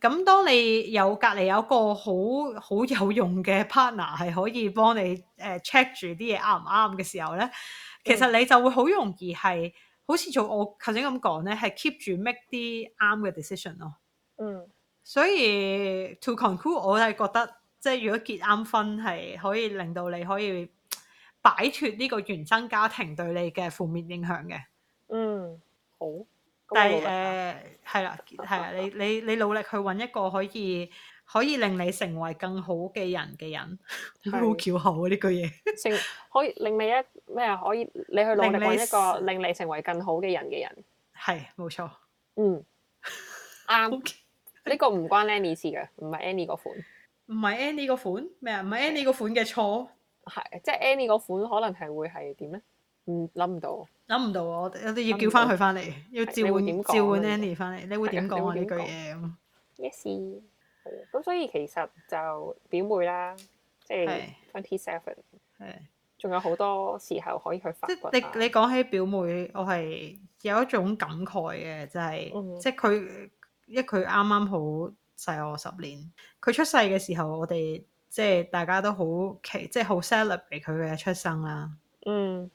咁，當你有隔籬有一個好好有用嘅 partner 係可以幫你誒 check 住啲嘢啱唔啱嘅時候咧，其實你就會好容易係。嗯好似做我頭先咁講咧，係 keep 住 make 啲啱嘅、right、decision 咯。嗯，所以 to conclude，我係覺得即係如果結啱婚係可以令到你可以擺脫呢個原生家庭對你嘅負面影響嘅。嗯，好。但係誒係啦，係啊，你你你努力去搵一個可以。可以令你成為更好嘅人嘅人，好巧好啊！呢句嘢成可以令你一咩啊？可以你去努力揾一個令你成為更好嘅人嘅人，係冇錯，嗯啱。呢個唔關 Annie 事嘅，唔係 Annie 個款，唔係 Annie 個款咩啊？唔係 Annie 個款嘅錯，係即係 Annie 個款可能係會係點咧？唔諗唔到，諗唔到啊！我哋要叫翻佢翻嚟，要召喚召喚 Annie 翻嚟，你會點講啊？呢句嘢咁？Yes. 咁所以其實就表妹啦，即係 twenty seven，係仲有好多時候可以去發掘。即，你你講起表妹，我係有一種感慨嘅，就係、是 mm hmm. 即係佢因為佢啱啱好細我十年。佢出世嘅時候，我哋即係大家都好奇，即係好 celebrate 佢嘅出生啦。嗯、mm。Hmm.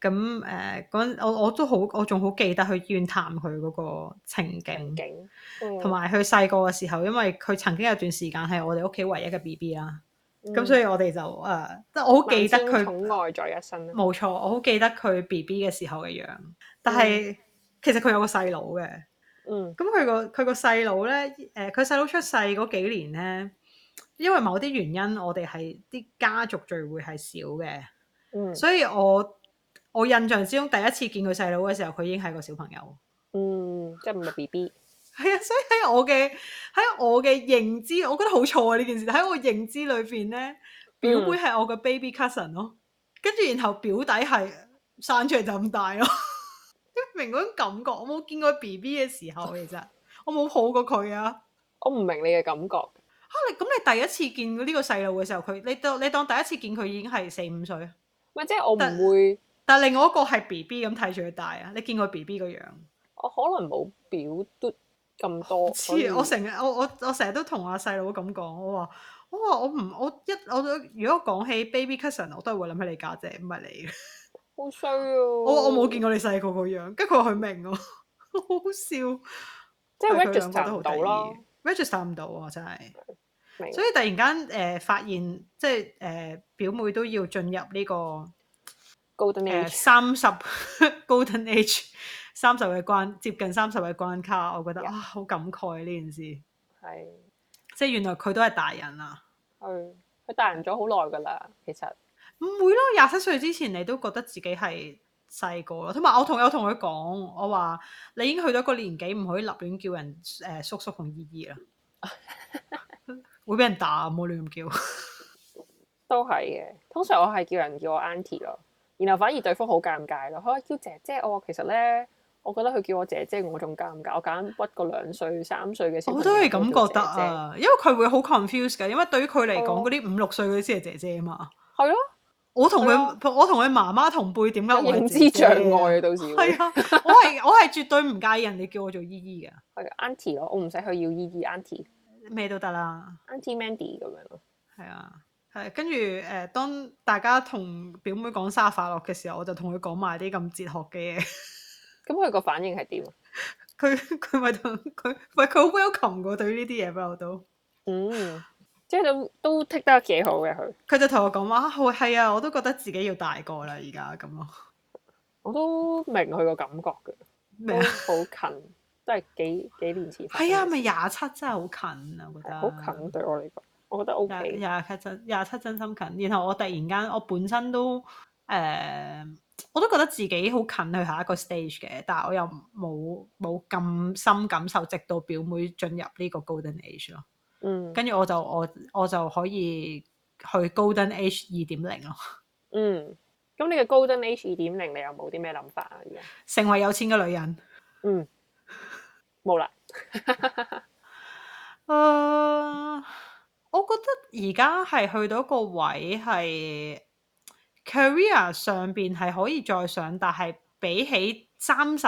咁誒嗰陣，我我都好，我仲好記得去醫院探佢嗰個情景，同埋佢細個嘅時候，因為佢曾經有段時間係我哋屋企唯一嘅 B B 啦。咁所以我哋就誒，即、呃、係我好記得佢寵，寵愛在一身。冇錯，我好記得佢 B B 嘅時候嘅樣。但係、嗯、其實佢有個細佬嘅。嗯。咁佢個佢個細佬咧，誒佢細佬出世嗰幾年咧，因為某啲原因，我哋係啲家族聚會係少嘅。嗯、所以我。我印象之中，第一次見佢細佬嘅時候，佢已經係個小朋友，嗯，即係唔係 B B 係啊。所以喺我嘅喺我嘅認知，我覺得好錯啊！呢件事喺我認知裏邊咧，表妹係我嘅 baby cousin 咯，跟住然後表弟係生出嚟就咁大咯。唔 明嗰種感覺，我冇見過 B B 嘅時候，其實我冇抱過佢啊。我唔明你嘅感覺啊你咁？ 啊，你第一次見呢個細路嘅時候，佢你，你當你當第一次見佢已經係四五歲，咪即係我唔會。 但係另外一個係 B B 咁睇住佢大啊！你見過 B B 個樣？我可能冇表得咁多。次、啊以。我成日我我我成日都同阿細佬咁講，我話我話我唔我,我,我,我一我,我如果講起 baby cousin，我都係會諗起你家姐,姐，唔係你。好衰啊！我我冇見過你細個個樣，跟住佢話佢明我， 好笑。即係是 Wedge 都好睇二 register 撐唔到啊！真係。白所以突然間誒發現，即係誒表妹,妹都要進入呢、這個。三十 Golden Age 三十嘅關，接近三十嘅關卡，我覺得、嗯、啊好感慨呢件事。係是，即係原來佢都係大人啦、啊。嗯，佢大人咗好耐噶啦，其實唔會咯。廿七歲之前你都覺得自己係細個咯，同埋我同有同佢講，我話你已經去到一個年紀，唔可以立亂叫人誒、呃、叔叔同姨姨啦， 會俾人打喎，亂咁叫。都係嘅，通常我係叫,叫, 叫人叫我 auntie 咯。然後反而對方好尷尬咯，佢話叫姐姐我、哦、其實咧，我覺得佢叫我姐姐我仲尷尬，我揀屈個兩歲三歲嘅時候。我都係咁覺得啊，因為佢會好 confused 嘅，因為對於佢嚟講嗰啲五六歲嗰啲先係姐姐啊嘛。係咯，我同佢我同佢媽媽同輩點樣？認知障礙啊，到時係啊，我係我係絕對唔介意人哋叫我做姨姨嘅，係 auntie 咯，AU Andrew，我唔使去要姨姨 auntie，咩都得啦，auntie Mandy 咁樣咯，係啊 Indeed.。一 seventeen 係、啊，跟住誒，當大家同表妹講沙發樂嘅時候，我就同佢講埋啲咁哲學嘅嘢。咁佢個反應係點？佢佢咪同佢咪佢好 welcome 過喎，對於呢啲嘢比我都。嗯，即係都都踢得幾好嘅佢。佢就同我講話，佢係啊，我都覺得自己要大個啦，而家咁咯。我都明佢個感覺嘅，明好什麼 近，即係幾幾年前。係啊、哎，咪廿七，真係好近啊！我覺得好近對我嚟講。我覺得 O K，廿七真廿七真心近，然後我突然間我本身都誒、呃，我都覺得自己好近去下一個 stage 嘅，但係我又冇冇咁深感受，直到表妹進入呢個 golden age 咯。嗯，跟住我就我我就可以去 golden age 二點零咯。嗯，咁你嘅 golden age 二點零，你有冇啲咩諗法啊？成為有錢嘅女人。嗯，冇啦。啊、 uh、～我覺得而家係去到一個位係 career 上邊係可以再上，但係比起三十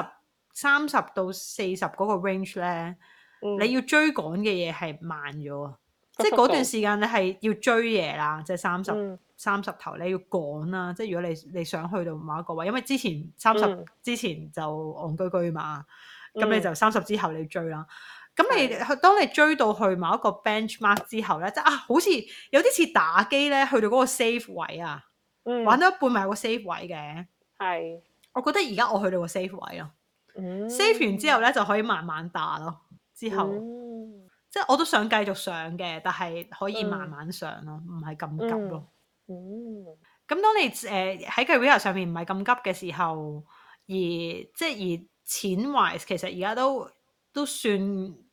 三十到四十嗰個 range 咧，嗯、你要追趕嘅嘢係慢咗，啊、嗯。即係嗰段時間你係要追嘢啦，即係三十三十頭你要趕啦，即係如果你你想去到某一個位，因為之前三十、嗯、之前就戇居居嘛，咁、嗯、你就三十之後你追啦。咁你當你追到去某一個 benchmark 之後咧，即、就、係、是、啊，好似有啲似打機咧，去到嗰個 save 位啊，嗯、玩到一半咪有個 save 位嘅。係是，我覺得而家我去到個 save 位咯。save 完之後咧就可以慢慢打咯。之後，嗯、即係我都想繼續上嘅，但係可以慢慢上咯，唔係咁急咯。嗯，咁、嗯嗯、當你誒喺 career 上面唔係咁急嘅時候，而即係而錢位其實而家都。都算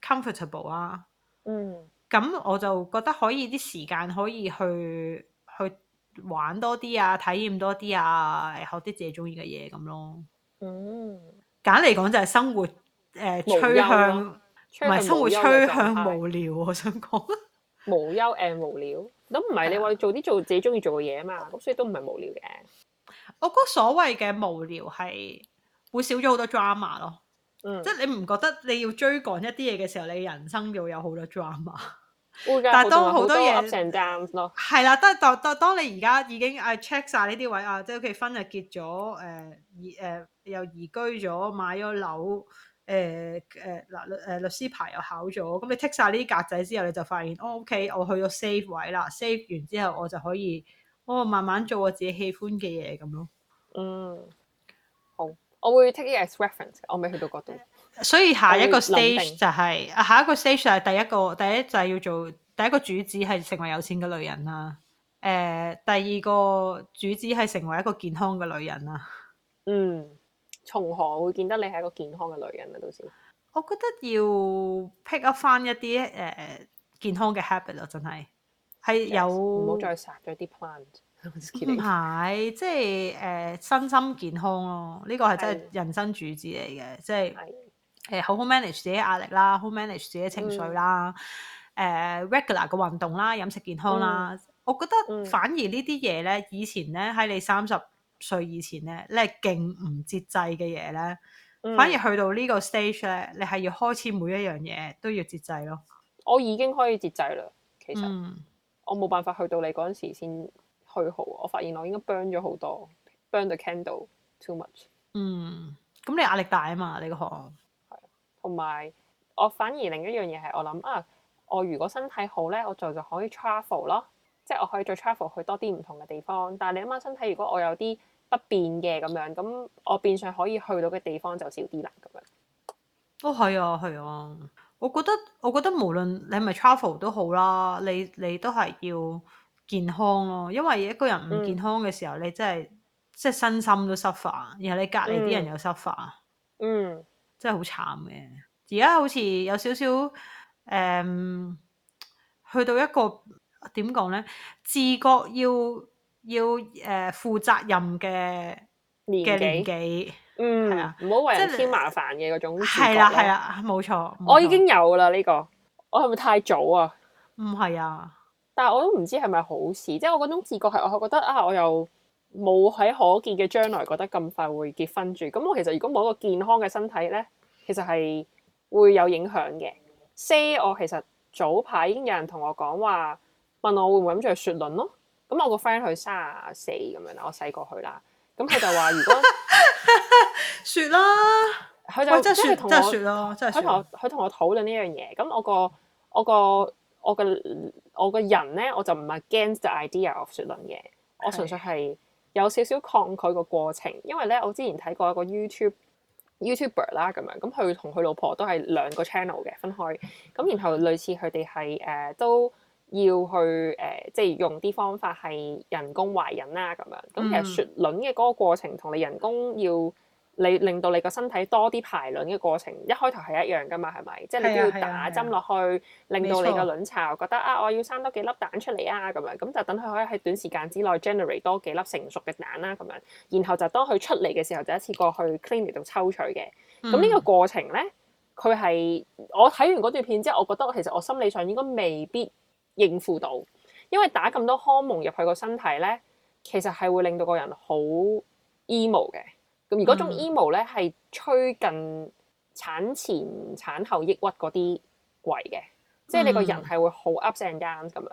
comfortable 啊，嗯，咁我就覺得可以啲時間可以去去玩多啲啊，體驗多啲啊，學啲自己中意嘅嘢咁咯。嗯，mm. 簡嚟講就係生活誒趨、呃啊、向，唔係生活趨向無聊、啊、無我想講、啊、無憂 and 無聊，咁唔係你話做啲做自己中意做嘅嘢啊嘛，的所以都唔係無聊嘅。我覺得所謂嘅無聊係會少咗好多 drama 咯。嗯、即係你唔覺得你要追趕一啲嘢嘅時候，你人生要有好多 drama。嗯、但係當好多嘢咯，係啦、嗯，當當當，當你而家已經唉 check 曬呢啲位啊，即係屋企婚又結咗，誒、呃、移又、呃、移居咗，買咗樓，誒誒嗱律誒律師牌又考咗，咁你 take 曬呢啲格仔之後，你就發現哦，OK，我去咗 save 位啦，save 完之後我就可以，我、哦、慢慢做我自己喜歡嘅嘢咁咯。嗯。我會 take it as reference，我未去到嗰度。所以下一個 stage 就係，下一個 stage 就係第一個，第一就係要做第一個主旨係成為有錢嘅女人啦。誒、呃，第二個主旨係成為一個健康嘅女人啦。嗯，從何會見得你係一個健康嘅女人啊？到時我覺得要 pick up 翻一啲誒、呃、健康嘅 habit 咯，真係係有唔好、yes, 再殺咗啲 plant。唔係，即係誒、呃，身心健康咯，哦，呢、這個係真係人生主旨嚟嘅，的即係誒、呃，好好 manage 自己壓力啦，好 manage 自己情緒啦，誒、嗯、呃、regular 嘅運動啦，飲食健康啦，嗯、我覺得反而呢啲嘢咧，以前咧喺你三十歲以前咧，你係勁唔節制嘅嘢咧，嗯、反而去到呢個 stage 咧，你係要開始每一樣嘢都要節制咯。我已經可以節制啦，其實、嗯、我冇辦法去到你嗰陣時先。去好，我發現我應該 burn 咗好多，burn the candle too much。嗯，咁你壓力大啊嘛？你個學校。係，同埋我反而另一樣嘢係，我諗啊，我如果身體好呢，我就就可以 travel 咯，即係我可以再 travel 去多啲唔同嘅地方。但係你啱啱身體如果我有啲不便嘅咁樣，咁我變相可以去到嘅地方就少啲啦。咁樣。哦，係啊，係啊，我覺得我覺得無論你係咪 travel 都好啦，你你都係要健康咯，因為一個人唔健康嘅時候，嗯、你真係即係身心都失範，然後你隔籬啲人又失範、嗯，嗯，真係好慘嘅。而家好似有少少誒，去到一個點講咧，自覺要要誒、呃、負責任嘅年紀，年紀啊、嗯，係啊，唔好為人添麻煩嘅嗰種，係啦係啦，冇錯。冇錯，我已經有啦呢個，我係咪太早啊？唔係啊。但係我都唔知係咪好事，即係我嗰種自覺係我覺得啊，我又冇喺可見嘅將來覺得咁快會結婚住。咁我其實如果冇個健康嘅身體咧，其實係會有影響嘅。say 我其實早排已經有人同我講話，問我會唔會諗住去雪卵咯。咁我個 friend 佢卅四咁樣啦，我細過佢啦。咁佢就話如果 雪啦了，佢就即係雪咯，即係佢同我佢同我討論呢樣嘢。咁我個我個。我嘅我個人咧，我就唔係 against the idea of 雪卵嘅，我純粹係有少少抗拒個過程，因為咧我之前睇過一個 YouTube YouTuber 啦，咁樣咁佢同佢老婆都係兩個 channel 嘅分開，咁然後類似佢哋係誒都要去誒、呃，即係用啲方法係人工懷孕啦咁樣，咁其實雪卵嘅嗰個過程同你人工要。你令到你個身體多啲排卵嘅過程，一開頭係一樣噶嘛？係咪？即係你都要打針落去，啊啊啊、令到你個卵巢覺得冇錯啊，我要生多幾粒蛋出嚟啊，咁樣咁就等佢可以喺短時間之內 generate 多幾粒成熟嘅蛋啦。咁樣，然後就當佢出嚟嘅時候，就一次過去 clean 嚟度抽取嘅。咁呢、嗯、個過程咧，佢係我睇完嗰段片之後，我覺得其實我心理上應該未必應付到，因為打咁多康蒙入去個身體咧，其實係會令到個人好 emo 嘅。咁而嗰種 emo 咧，係趨近產前產後抑鬱嗰啲貴嘅，即係你個人係會好 upset 咁樣。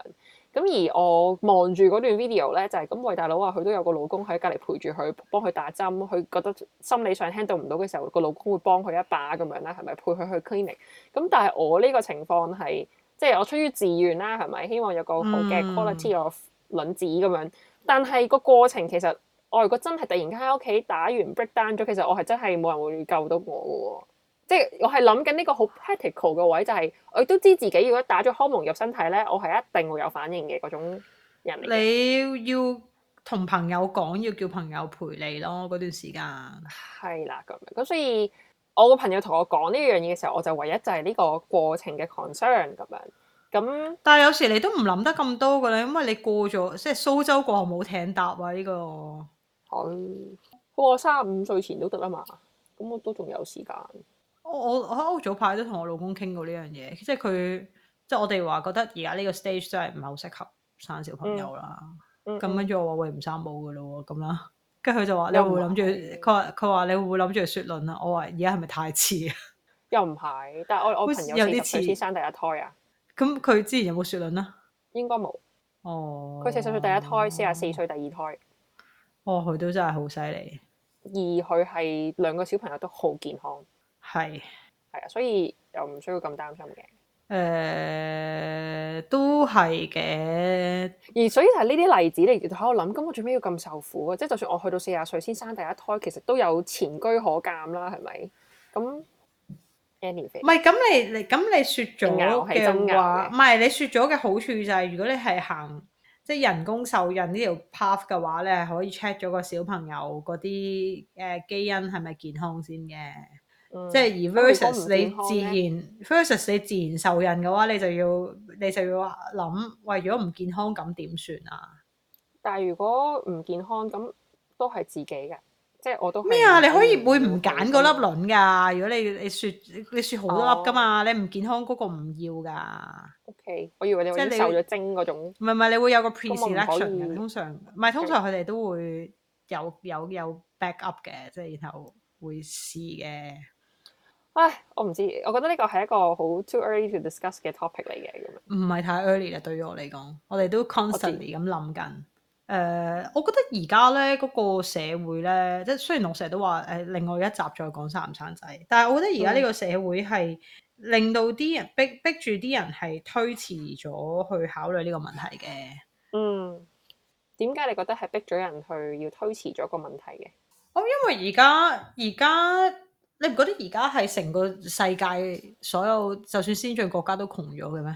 咁而我望住嗰段 video 咧，就係、是、咁，喂大佬，話佢都有個老公喺隔離陪住佢，幫佢打針，佢覺得心理上 handle 唔到嘅時候，個老公會幫佢一把咁樣啦，係咪陪佢去 clinic？咁但係我呢個情況係即係我出於自願啦，係咪希望有個好嘅 quality of 卵子咁樣？但係個過程其實我、哦、如果真係突然間喺屋企打完 breakdown 咗，其實我係真係冇人會救到我嘅喎、哦，即係我係諗緊呢個好 practical 嘅位、就係，就係我亦都知自己如果打咗荷爾蒙入身體咧，我係一定會有反應嘅嗰種人嚟嘅。你要同朋友講，要叫朋友陪你咯，嗰段時間。係啦、啊，咁樣咁，所以我個朋友同我講呢樣嘢嘅時候，我就唯一就係呢個過程嘅 concern 咁樣。咁但係有時你都唔諗得咁多㗎啦，因為你過咗即係蘇州過後冇艇搭啊！呢、這個好，不過我三五歲前都得啦嘛，咁我都仲有時間。我我我早排都同我老公傾過呢樣嘢，即係佢即係我哋話覺得而家呢個 stage 真係唔係好適合生小朋友啦。咁、嗯嗯嗯、跟住我話喂唔生冇噶啦喎，咁啦。跟住佢就話你會諗住佢話佢話你會唔會諗住去雪卵啊？我話而家係咪太遲啊？又唔係，但係我我朋友四十歲先生第一胎啊。咁佢之前有冇雪卵啊？應該冇。哦。佢四十歲第一胎，四十四歲第二胎。哦，佢都真係好犀利，而佢係兩個小朋友都好健康，係係啊，所以又唔需要咁擔心嘅。誒、呃，都係嘅，而所以就係呢啲例子，你而家喺度諗，咁我做咩要咁受苦啊？即係就算我去到四十歲，先生第一胎，其實都有前居可鑒啦，係咪？咁，Anyway，唔係咁你你咁你、啊、你說咗嘅話，唔係你說咗嘅好處就係、是，如果你係行。即係人工受孕呢條 path 嘅話咧，可以 check 咗個小朋友嗰啲誒基因係咪健康先嘅。嗯、即而 versus 你自然 versus 你自然受孕嘅話，你就要你就要諗，喂，如果唔健康咁點算啊？但係如果唔健康咁，都係自己嘅。咩啊？都可你可以會唔揀嗰粒卵㗎？如果你你選你選好多粒噶嘛，哦、你唔健康嗰、嗰個唔要㗎。O、okay, K，我以為你會或者受咗精嗰種。唔係唔係，你會有個 pre-selection 嘅，通常唔係 okay. 通常佢哋都會有有有，有 backup 嘅，即係然後會試嘅。唉，我唔知，我覺得呢個係一個好 too early to discuss 嘅 topic 嚟嘅。唔係太 early 啊，對於我嚟講，我哋都 constantly 咁諗緊。誒，uh, 我覺得而家咧嗰個社會咧，即係雖然我成日都話誒，另外一集再講生唔生仔，但係我覺得而家呢個社會係令到啲人逼逼住啲人係推遲咗去考慮呢個問題嘅。嗯，點解你覺得係逼咗人去要推遲咗個問題嘅？哦、嗯，因為而家而家，你唔覺得而家係成個世界所有，就算先進國家都窮咗嘅咩？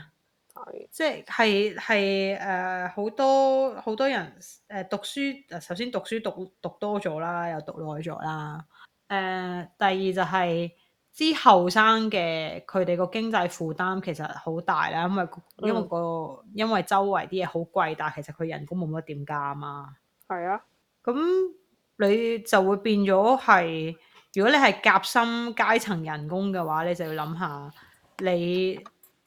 即係係誒，好、呃、多好多人誒、呃，讀書首先讀書讀讀多咗啦，又讀耐咗啦。誒、呃，第二就係、是、之後生嘅，佢哋個經濟負擔其實好大啦，因為因為、那個、嗯、因為周圍啲嘢好貴，但係其實佢人工冇乜點加啊嘛。係啊、嗯，咁你就會變咗係，如果你係夾心階層人工嘅話，你就要諗下你。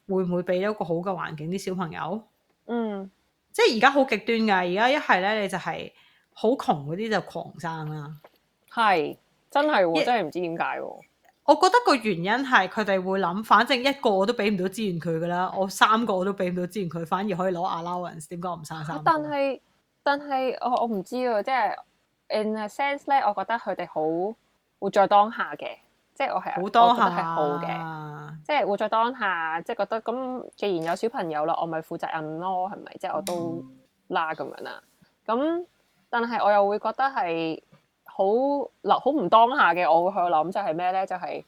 會唔會俾一個好嘅環境啲小朋友？嗯，即係而家好極端㗎。而家一係咧，你就係好窮嗰啲就狂生啦。係，真係喎、哦，也真係唔知點解喎。我覺得個原因係佢哋會諗，反正一個我都俾唔到資源佢㗎啦，我三個我都俾唔到資源佢，反而可以攞 allowance。點解我唔生？但係，但係我我唔知喎，即係 in a sense 咧，我覺得佢哋好活在當下嘅。即係我係好當下啊，我覺得係好嘅，即係活在當下，即係覺得咁既然有小朋友啦，我咪負責任咯，係咪？即係我都啦咁樣啦。咁但係我又會覺得係好嗱，好唔當下嘅，我會去諗就係咩咧？就係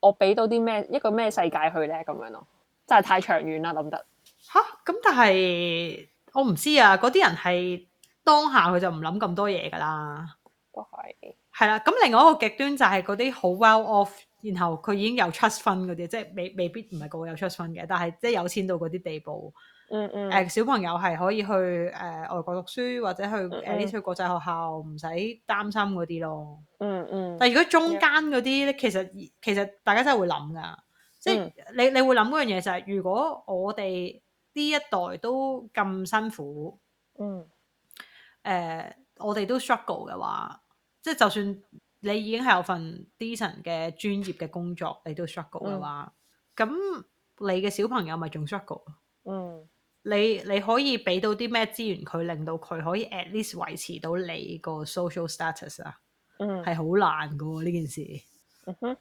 我俾到啲咩一個咩世界去咧？咁樣咯，真係太長遠啦，諗得吓。咁但係我唔知啊，嗰啲人係當下佢就唔諗咁多嘢噶啦，都係。係啦，咁另外一個極端就係嗰啲好 well off，然後佢已經有 trust fund 嗰啲，即係未未必唔係個個有 trust fund 嘅，但係即係有錢到嗰啲地步。嗯嗯。誒、呃，小朋友係可以去誒、呃、外國讀書，或者去誒啲、嗯嗯、去國際學校，唔使擔心嗰啲咯。嗯嗯。但係如果中間嗰啲咧，其實其實大家真係會諗㗎，即、就、係、是、你你會諗嗰樣嘢就係、是，如果我哋呢一代都咁辛苦，嗯，誒、呃，我哋都 struggle 嘅話。即係就算你已經係有份 decent 嘅專業嘅工作，你都 struggle 嘅話，咁、嗯、你嘅小朋友咪仲 struggle？嗯，你你可以俾到啲咩資源佢，令到佢可以 at least 維持到你個 social status、嗯、啊？嗯，係好難嘅喎呢件事。嗯、哼，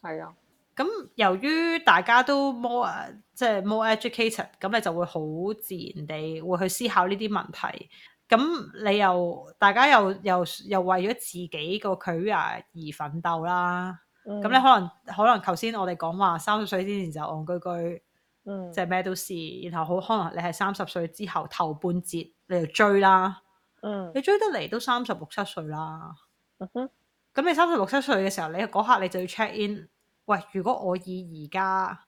係啊。咁由於大家都 more 即係 more educated，咁你就會好自然地會去思考呢啲問題。咁你又大家又又又為咗自己個佢啊而奮鬥啦。咁、mm hmm. 你可能可能頭先我哋講話三十歲之前就戇居居，嗯、mm，即係咩都試，然後好可能你係三十歲之後頭半截你就追啦，mm hmm. 你追得嚟都三十六七歲啦。嗯咁、mm hmm. 你三十六七歲嘅時候，你嗰刻你就要 check in。喂，如果我以而家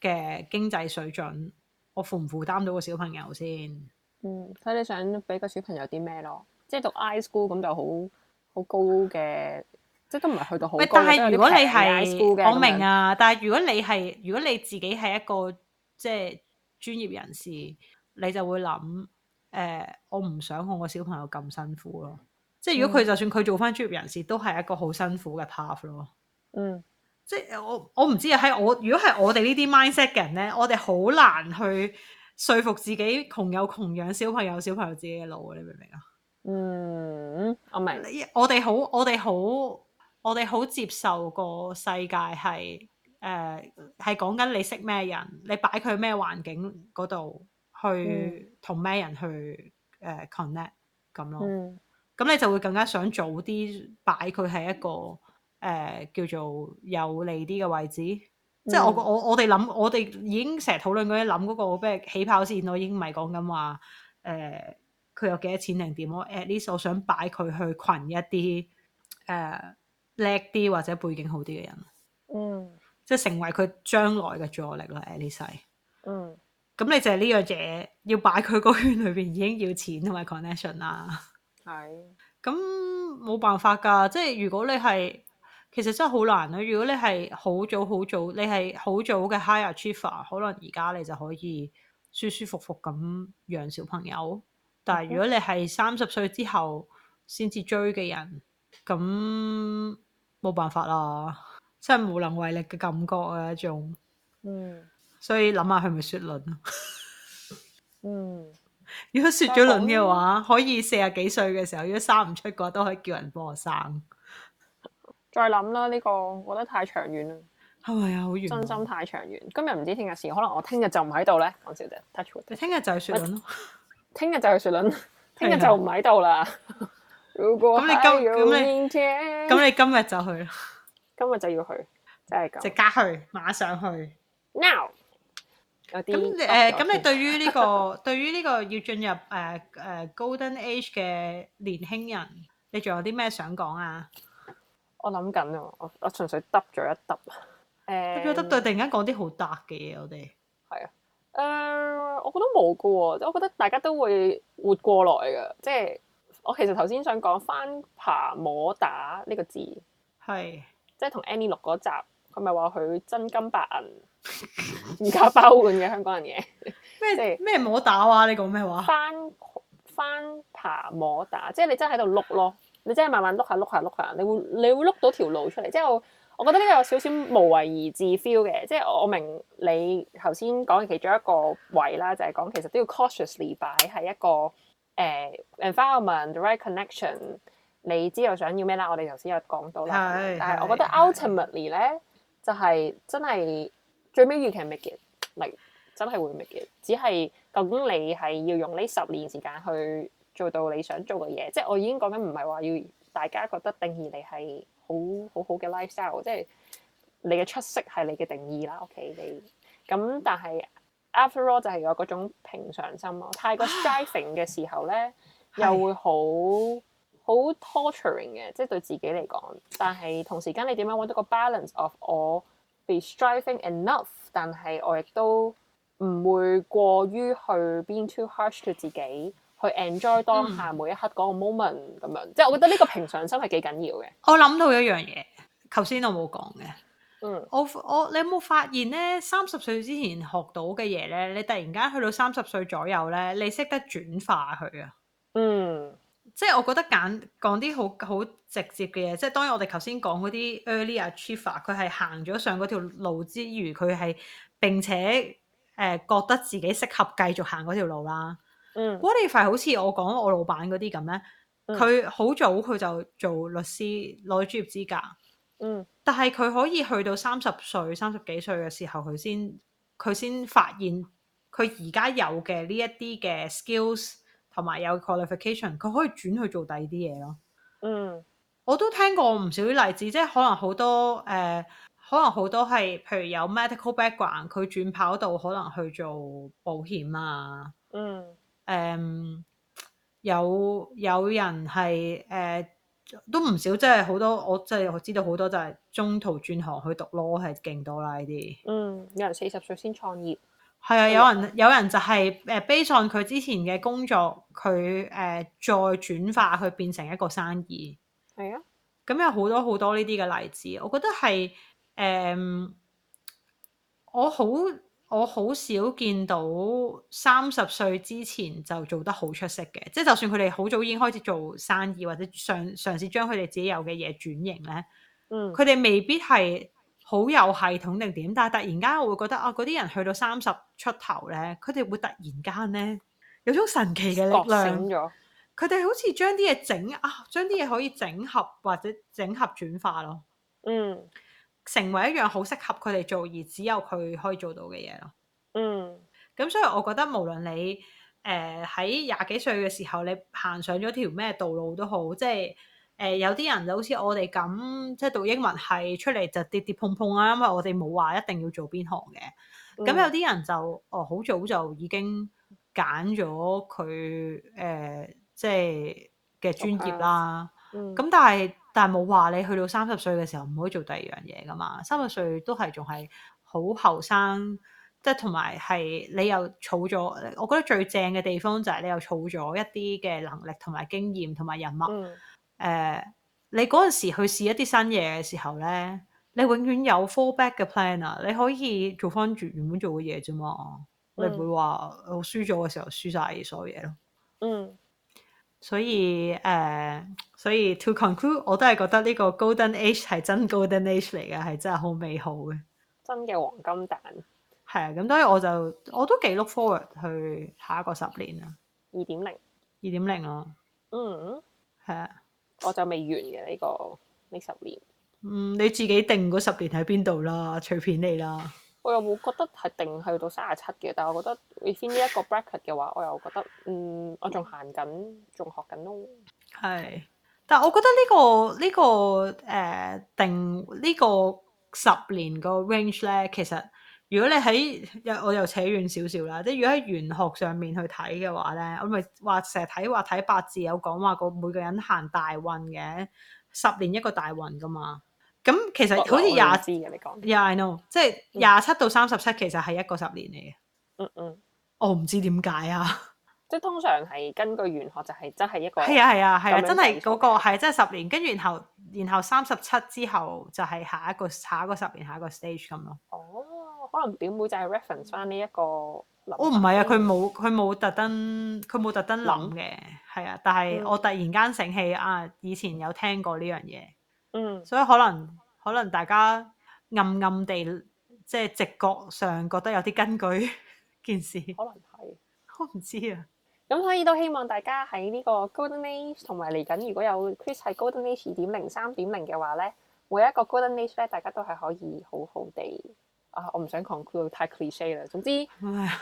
嘅經濟水準，我負唔負擔到個小朋友先？嗯，睇你想俾個小朋友啲咩咯？即係讀 I school 咁就好好高嘅，即係都唔係去到好高。但係如果你係 I school 嘅，我明啊，但係如果你係如果你自己係一個即係專業人士，你就會諗誒、呃，我唔想我個小朋友咁辛苦咯。即係如果佢、嗯、就算佢做翻專業人士，都係一個好辛苦嘅 path 咯。嗯，即係我我唔知喺我如果係我哋呢啲 mindset 嘅人咧，我哋好難去。説服自己窮有窮養小朋友，小朋友自己嘅路，你明唔明啊？嗯，我明我。我哋好，我哋好，我哋好接受個世界係誒係講緊你識咩人，你擺佢咩環境嗰度去同咩人去誒、呃、connect 咁咯。咁、嗯、你就會更加想早啲擺佢喺一個誒、呃、叫做有利啲嘅位置。即係我我我哋諗，我哋已經成日討論嗰啲諗嗰個，起跑線我已經唔係講緊話誒，佢、呃、有幾多錢定點咯？At least，我想擺佢去群一啲誒叻啲或者背景好啲嘅人。嗯，即係成為佢將來嘅助力喇。At least，嗯，咁你就係呢樣嘢，要擺佢個圈裏邊，已經要錢同埋 connection 啦。係是，咁冇 辦法㗎。即係如果你係。其實真係好難啊。如果你係好早好早，你係好早嘅 high achiever 可能而家你就可以舒舒服服咁養小朋友。但係如果你係三十歲之後先至追嘅人，咁冇辦法啦，真係無能為力嘅感覺啊一種。嗯，所以諗下係咪雪卵啊？ 嗯，如果雪咗卵嘅話，很可以四十幾歲嘅時候，如果生唔出嘅話，都可以叫人幫我生。再諗啦，呢個我覺得太長遠啦。係咪啊？好遠，真心太長遠。今日唔知聽日事，可能我聽日就唔喺度咧。講笑啫，Touchwood。你聽日就去雪輪，聽日就去雪輪，聽日就唔喺度啦。如果咁，你今咁你咁你今日就去今日就要去，真係咁，即刻去，馬上去。Now 有啲誒，咁你對於呢個對於呢個要進入誒誒 Golden Age 嘅年輕人，你仲有啲咩想講啊？我諗緊、um, 啊，我我純粹揼咗一揼啊，誒，有得對突然間講啲好搭嘅嘢？我哋係啊，誒，我覺得冇噶，即我覺得大家都會活過來噶，即、就、係、是、我其實頭先想講翻爬摸打呢個字，係是，即係同 Annie 錄嗰集，佢咪話佢真金白銀如假包換嘅香港人嘢！咩？咩摸打啊？你講咩話？翻翻爬摸打，即係你真係喺度碌咯。 你真係慢慢碌下碌下碌下，你會你會碌到條路出嚟。即係我，我覺得呢個有少少無為而治 feel 嘅。即係我，我明你頭先講嘅其中一個位啦，就係、是、講其實都要 cautiously 擺係一個誒、uh, environment the right connection。你知道想要咩啦？我哋頭先有講到啦， 但係我覺得 ultimately 咧，就係真係最尾預期 make it 明，真係會 make it。只係究竟你係要用呢十年時間去做到你想做嘅嘢，即係我已經講緊唔係話要大家覺得定義你係好好好嘅 lifestyle，即係你嘅出色係你嘅定義啦。OK，你咁，但係 after all 就係有嗰種平常心咯，啊。太過 striving 嘅時候咧， 又會好好 torturing 嘅，即係對自己嚟講。但係同時間你點樣揾到個 balance of 我 be striving enough，但係我亦都唔會過於去 being too harsh to 自己。去 enjoy 當下每一刻嗰個 moment 咁樣，嗯、即係我覺得呢個平常心係幾緊要嘅、嗯。我諗到一樣嘢，頭先我冇講嘅。嗯，我我你有冇發現咧？三十歲之前學到嘅嘢咧，你突然間去到三十歲左右咧，你識得轉化佢啊？嗯，即係我覺得講講啲好好直接嘅嘢，即係當然我哋頭先講嗰啲 early achiever，佢係行咗上嗰條路之餘，佢係並且誒、呃、覺得自己適合繼續行嗰條路啦。嗯，qualify 好似我講我老闆嗰啲咁咧，佢好、嗯、早佢就做律師，攞咗專業資格，嗯，但係佢可以去到三十歲、三十幾歲嘅時候，佢先佢先發現佢而家有嘅呢一啲嘅 skills 同埋有 qualification，佢可以轉去做第二啲嘢咯。嗯，我都聽過唔少例子，即係可能好多誒、呃，可能好多係，譬如有 medical background，佢轉跑道可能去做保險啊，嗯。誒、um, 有有人係誒、uh, 都唔少，即係好多，我即係我知道好多就係中途轉行去讀 law 係勁多啦呢啲。嗯，有人四十歲先創業，係啊，有人有人就係 based on 佢之前嘅工作，佢誒、uh, 再轉化去變成一個生意。係啊，咁有好多好多呢啲嘅例子，我覺得係誒、um, 我好。我好少見到三十歲之前就做得好出色嘅，即係就算佢哋好早已經開始做生意或者嘗嘗試將佢哋自己有嘅嘢轉型咧，嗯，佢哋未必係好有系統定點，但係突然間我會覺得啊，嗰啲人去到三十出頭咧，佢哋會突然間咧有種神奇嘅力量，醒咗，佢哋好似將啲嘢整啊，將啲嘢可以整合或者整合轉化咯，嗯。成為一樣好適合佢哋做而只有佢可以做到嘅嘢咯。嗯，咁所以我覺得無論你誒喺廿幾歲嘅時候，你行上咗條咩道路都好，即係誒、呃、有啲人就好似我哋咁，即係讀英文系出嚟就跌跌碰碰啊，因為我哋冇話一定要做邊行嘅。咁、嗯、有啲人就哦好早就已經揀咗佢誒即係嘅專業啦。咁、okay. 嗯、但係。但係冇話你去到三十歲嘅時候唔可以做第二樣嘢噶嘛？三十歲都係仲係好後生，即係同埋係你又儲咗。我覺得最正嘅地方就係你又儲咗一啲嘅能力同埋經驗同埋人脈。誒、嗯，uh, 你嗰陣時去試一啲新嘢嘅時候咧，你永遠有 fall back 嘅 plan 啊！你可以做翻原原本做嘅嘢啫嘛，你唔會話我輸咗嘅時候輸曬所有嘢咯。嗯，所以誒。Uh, 所以 to conclude，我都係覺得呢個 golden age 係真 golden age 嚟嘅，係真係好美好嘅。真嘅黃金蛋。係啊，咁當然我就我都幾 look forward 去下一個十年啊。二點零。二點零咯。嗯、hmm. 的。係啊。我就未完嘅呢、這個呢十年。嗯，你自己定嗰十年喺邊度啦？隨便你啦。我又冇覺得係定去到三十七嘅，但係我覺得你先呢一個 bracket 嘅話，我又覺得嗯，我仲行緊，仲學緊咯。係。但我覺得呢、呢個呢、呢個誒、呃、定呢、呢個十年個 range 咧，其實如果你喺又我又扯遠少少啦，即係如果喺玄學上面去睇嘅話咧，我咪話成日睇話睇八字有講話個每個人行大運嘅十年一個大運噶嘛，咁其實好似廿字嘅你講，Yeah I know、嗯、即係廿七到三十七其實係一個十年嚟嘅、嗯，嗯嗯，我唔、哦、知點解啊。即係通常係根據玄學就係真係一個係啊係啊係啊，啊啊真係嗰、那個係真係十年，跟住然後然後三十七之後就係、是、下一個下一個十年下一個 stage 咁咯。哦，可能表妹就係 reference 翻呢一個。我唔係啊，佢冇佢冇特登佢冇特登諗嘅，係、嗯、啊，但係我突然間醒起啊，以前有聽過呢樣嘢，嗯，所以可能可能大家暗暗地即係、就是、直覺上覺得有啲根據件事，可能係我唔知啊。咁、嗯、所以都希望大家喺呢個 Golden Age 同埋嚟緊如果有 Chris 係 Golden Age 二點零三點零嘅話咧，每一個 Golden Age 咧，大家都係可以好好哋啊！我唔想 conclude 太 cliche 啦。總之，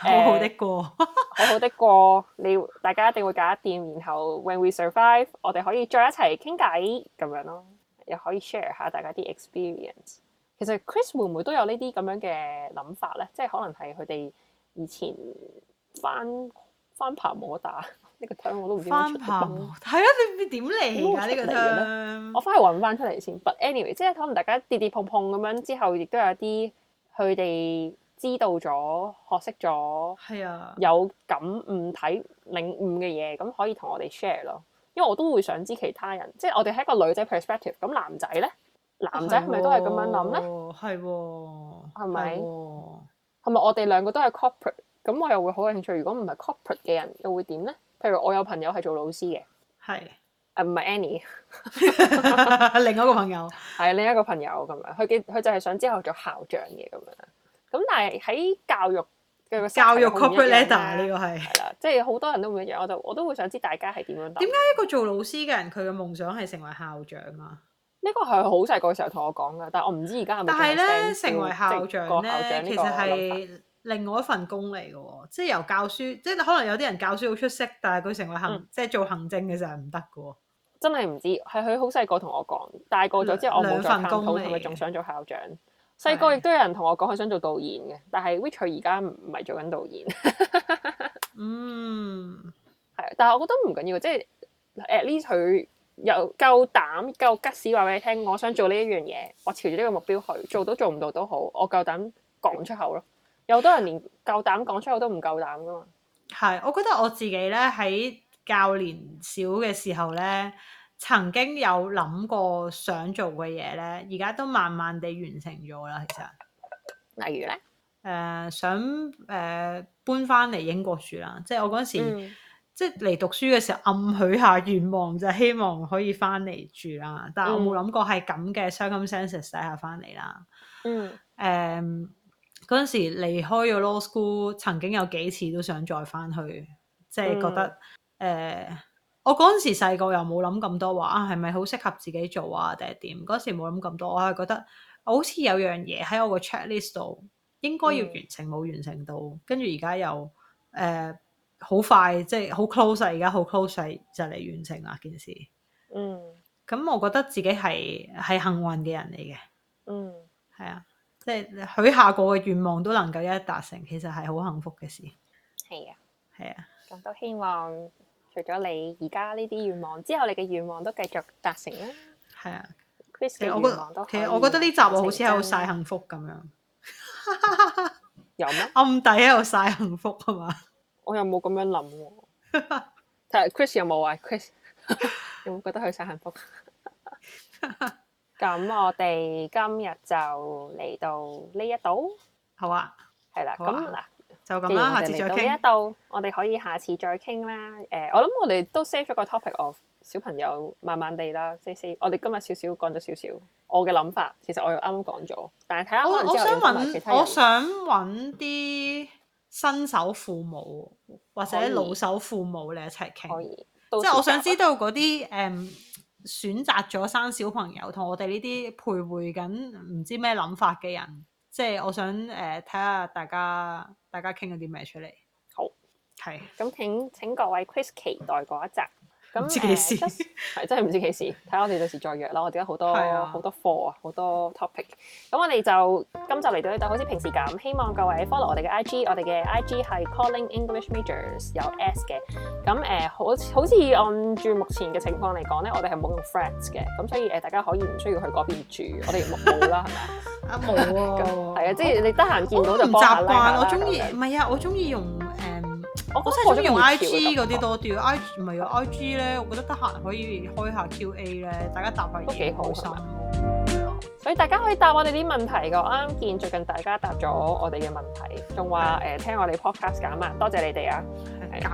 唉呃、好好的過， 好好的過，你大家一定會搞得掂，然後 When we survive，我哋可以再一齊傾偈咁樣咯，又可以 share 下大家啲 experience。其實 Chris 會唔會都有這這呢啲咁樣嘅諗法咧？即係可能係佢哋以前翻。翻拍冇得打呢 個枱我都唔知出翻拍爬，係 啊！你點嚟呢個槍？ 我翻去揾翻出嚟先。But anyway，即係可能大家跌跌碰碰咁樣之後，亦都有啲佢哋知道咗、學識咗、啊、有感悟、睇領悟嘅嘢，咁可以同我哋 share 咯。因為我都會想知其他人，即係我哋係一個女仔 perspective，咁男仔咧，男仔係咪都係咁樣諗咧？係喎，係咪？係咪、啊、我哋兩個都係 corporate？咁我又會好有興趣，如果唔係 corporate 嘅人，又會點咧？譬如我有朋友係做老師嘅，係，誒唔係 Annie，另一個朋友，係另一個朋友咁樣，佢嘅佢就係想之後做校長嘅咁樣。咁但係喺教育嘅教育 corporate 呢個係，係啦，即係好多人都唔一樣，我就我都會想知大家係點樣答。點解一個做老師嘅人佢嘅夢想係成為校長啊？呢個係好細個嘅時候同我講噶，但我唔知而家係咪。但係咧，成為校長個校長，其實係。另外一份工嚟嘅喎，即係由教書，即係可能有啲人教書好出色，但係佢成為行、嗯、即係做行政嘅時候係唔得嘅喎。真係唔知係佢好細個同我講，大個咗之後我冇再探討係咪仲想做校長。細個亦都有人同我講佢想做導演嘅，但係 Whicher 而家唔係做緊導演。 嗯，係，但係我覺得唔緊要，即係 at least 佢又夠膽夠骨屎話俾你聽，我想做呢一樣嘢，我朝住呢個目標去做到做唔到都好，我夠膽講出口咯。有好多人連夠膽講出我都唔夠膽㗎嘛？係，我覺得我自己咧喺較年少嘅時候咧，曾經有諗過想做嘅嘢咧，而家都慢慢地完成咗啦。其實，例如咧，誒、呃、想誒、呃、搬翻嚟英國住啦，即係我嗰時、嗯、即係嚟讀書嘅時候暗許下願望就係、希望可以翻嚟住啦，但係我冇諗過係咁嘅傷感 sense 底下翻嚟啦。嗯，誒。嗯嗯嗰陣時離開咗 law school，曾經有幾次都想再翻去，即係覺得誒、嗯呃，我嗰陣時細個又冇諗咁多話，係咪好適合自己做啊？定係點？嗰時冇諗咁多，我係覺得好似有樣嘢喺我個 checklist 度應該要完成，嗯、冇完成到，跟住而家又誒呃、好快，即係好 close 啊、而家好 close 啊、就嚟完成啦件事。嗯，咁我覺得自己係係幸運嘅人嚟嘅。嗯，係啊。即係許下個嘅願望都能夠一一達成，其實係好幸福嘅事。係啊，係啊，咁都希望除咗你而家呢啲願望，之後你嘅願望都繼續達成啦。係啊，Chris， 我覺，其實嗎 我覺得呢集好似喺度晒幸福咁樣。有咩？暗底喺度晒幸福係嘛？我又冇咁樣諗喎。其實 Chris 有冇啊，Chris 有冇覺得佢晒幸福？ 咁我哋今日就嚟到呢一度，好啊，係啦，咁嗱，就咁啦，下次再傾。呢一度我哋可以下次再傾啦。誒、呃，我諗我哋都 save 咗個 topic of 小朋友慢慢地啦，即係我哋今日少少講咗少少。我嘅諗法其實我又啱啱講咗，但係睇下我想揾我想揾啲新手父母，手父母或者老手父母嚟一齊傾，即係我想知道嗰啲誒。Um, 選擇咗生小朋友，同我哋呢啲徘徊緊唔知咩諗法嘅人，即係我想誒睇下大家大家傾咗啲咩出嚟。好，係是，咁請請各位 Chris 期待嗰一集。咁係真係唔知幾時，睇下我哋到時再約啦。我哋而家好多好多課啊，好多 topic。咁我哋就今集嚟到呢度，好似平時咁，希望各位 follow 我哋嘅 IG，我哋嘅 IG 係 Calling English Majors 有 S 嘅。咁誒好好似按住目前嘅情況嚟講咧，我哋係冇用 friends 嘅，咁所以誒大家可以唔需要去嗰邊住，我哋冇啦係咪啊？啊冇喎，係啊，即係你得閒見到就幫下啦。習慣我中意，唔係啊，我中意用誒。我真係中意用 I G 嗰啲多啲，I G 唔係用 I G 咧，我覺得得閒可以開下 Q A 咧，大家答下都幾好心。所以大家可以答我哋啲問題噶，我啱見最近大家答咗我哋嘅問題，仲話誒聽我哋 podcast 減壓，多謝你哋啊，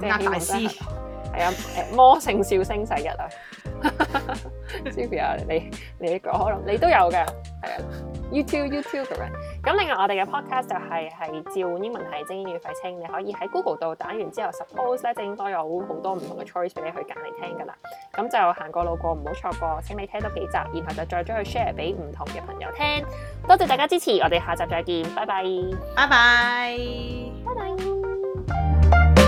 減壓大師係啊，魔性世日笑聲第 一啊！Sylvia，你你呢個可能你都有嘅，係啊。YouTube，YouTube 嘅人。咁另外我哋嘅 podcast 就係、是、係照英文係精英粵語廢青，你可以喺 Google 度打完之後，Suppose 咧就應該有好多唔同嘅 choice 俾你去揀嚟聽噶啦。咁就行過路過唔好錯過，請你聽多幾集，然後就再將佢 share 俾唔同嘅朋友聽。多謝大家支持，我哋下集再見，拜拜，拜拜，拜拜。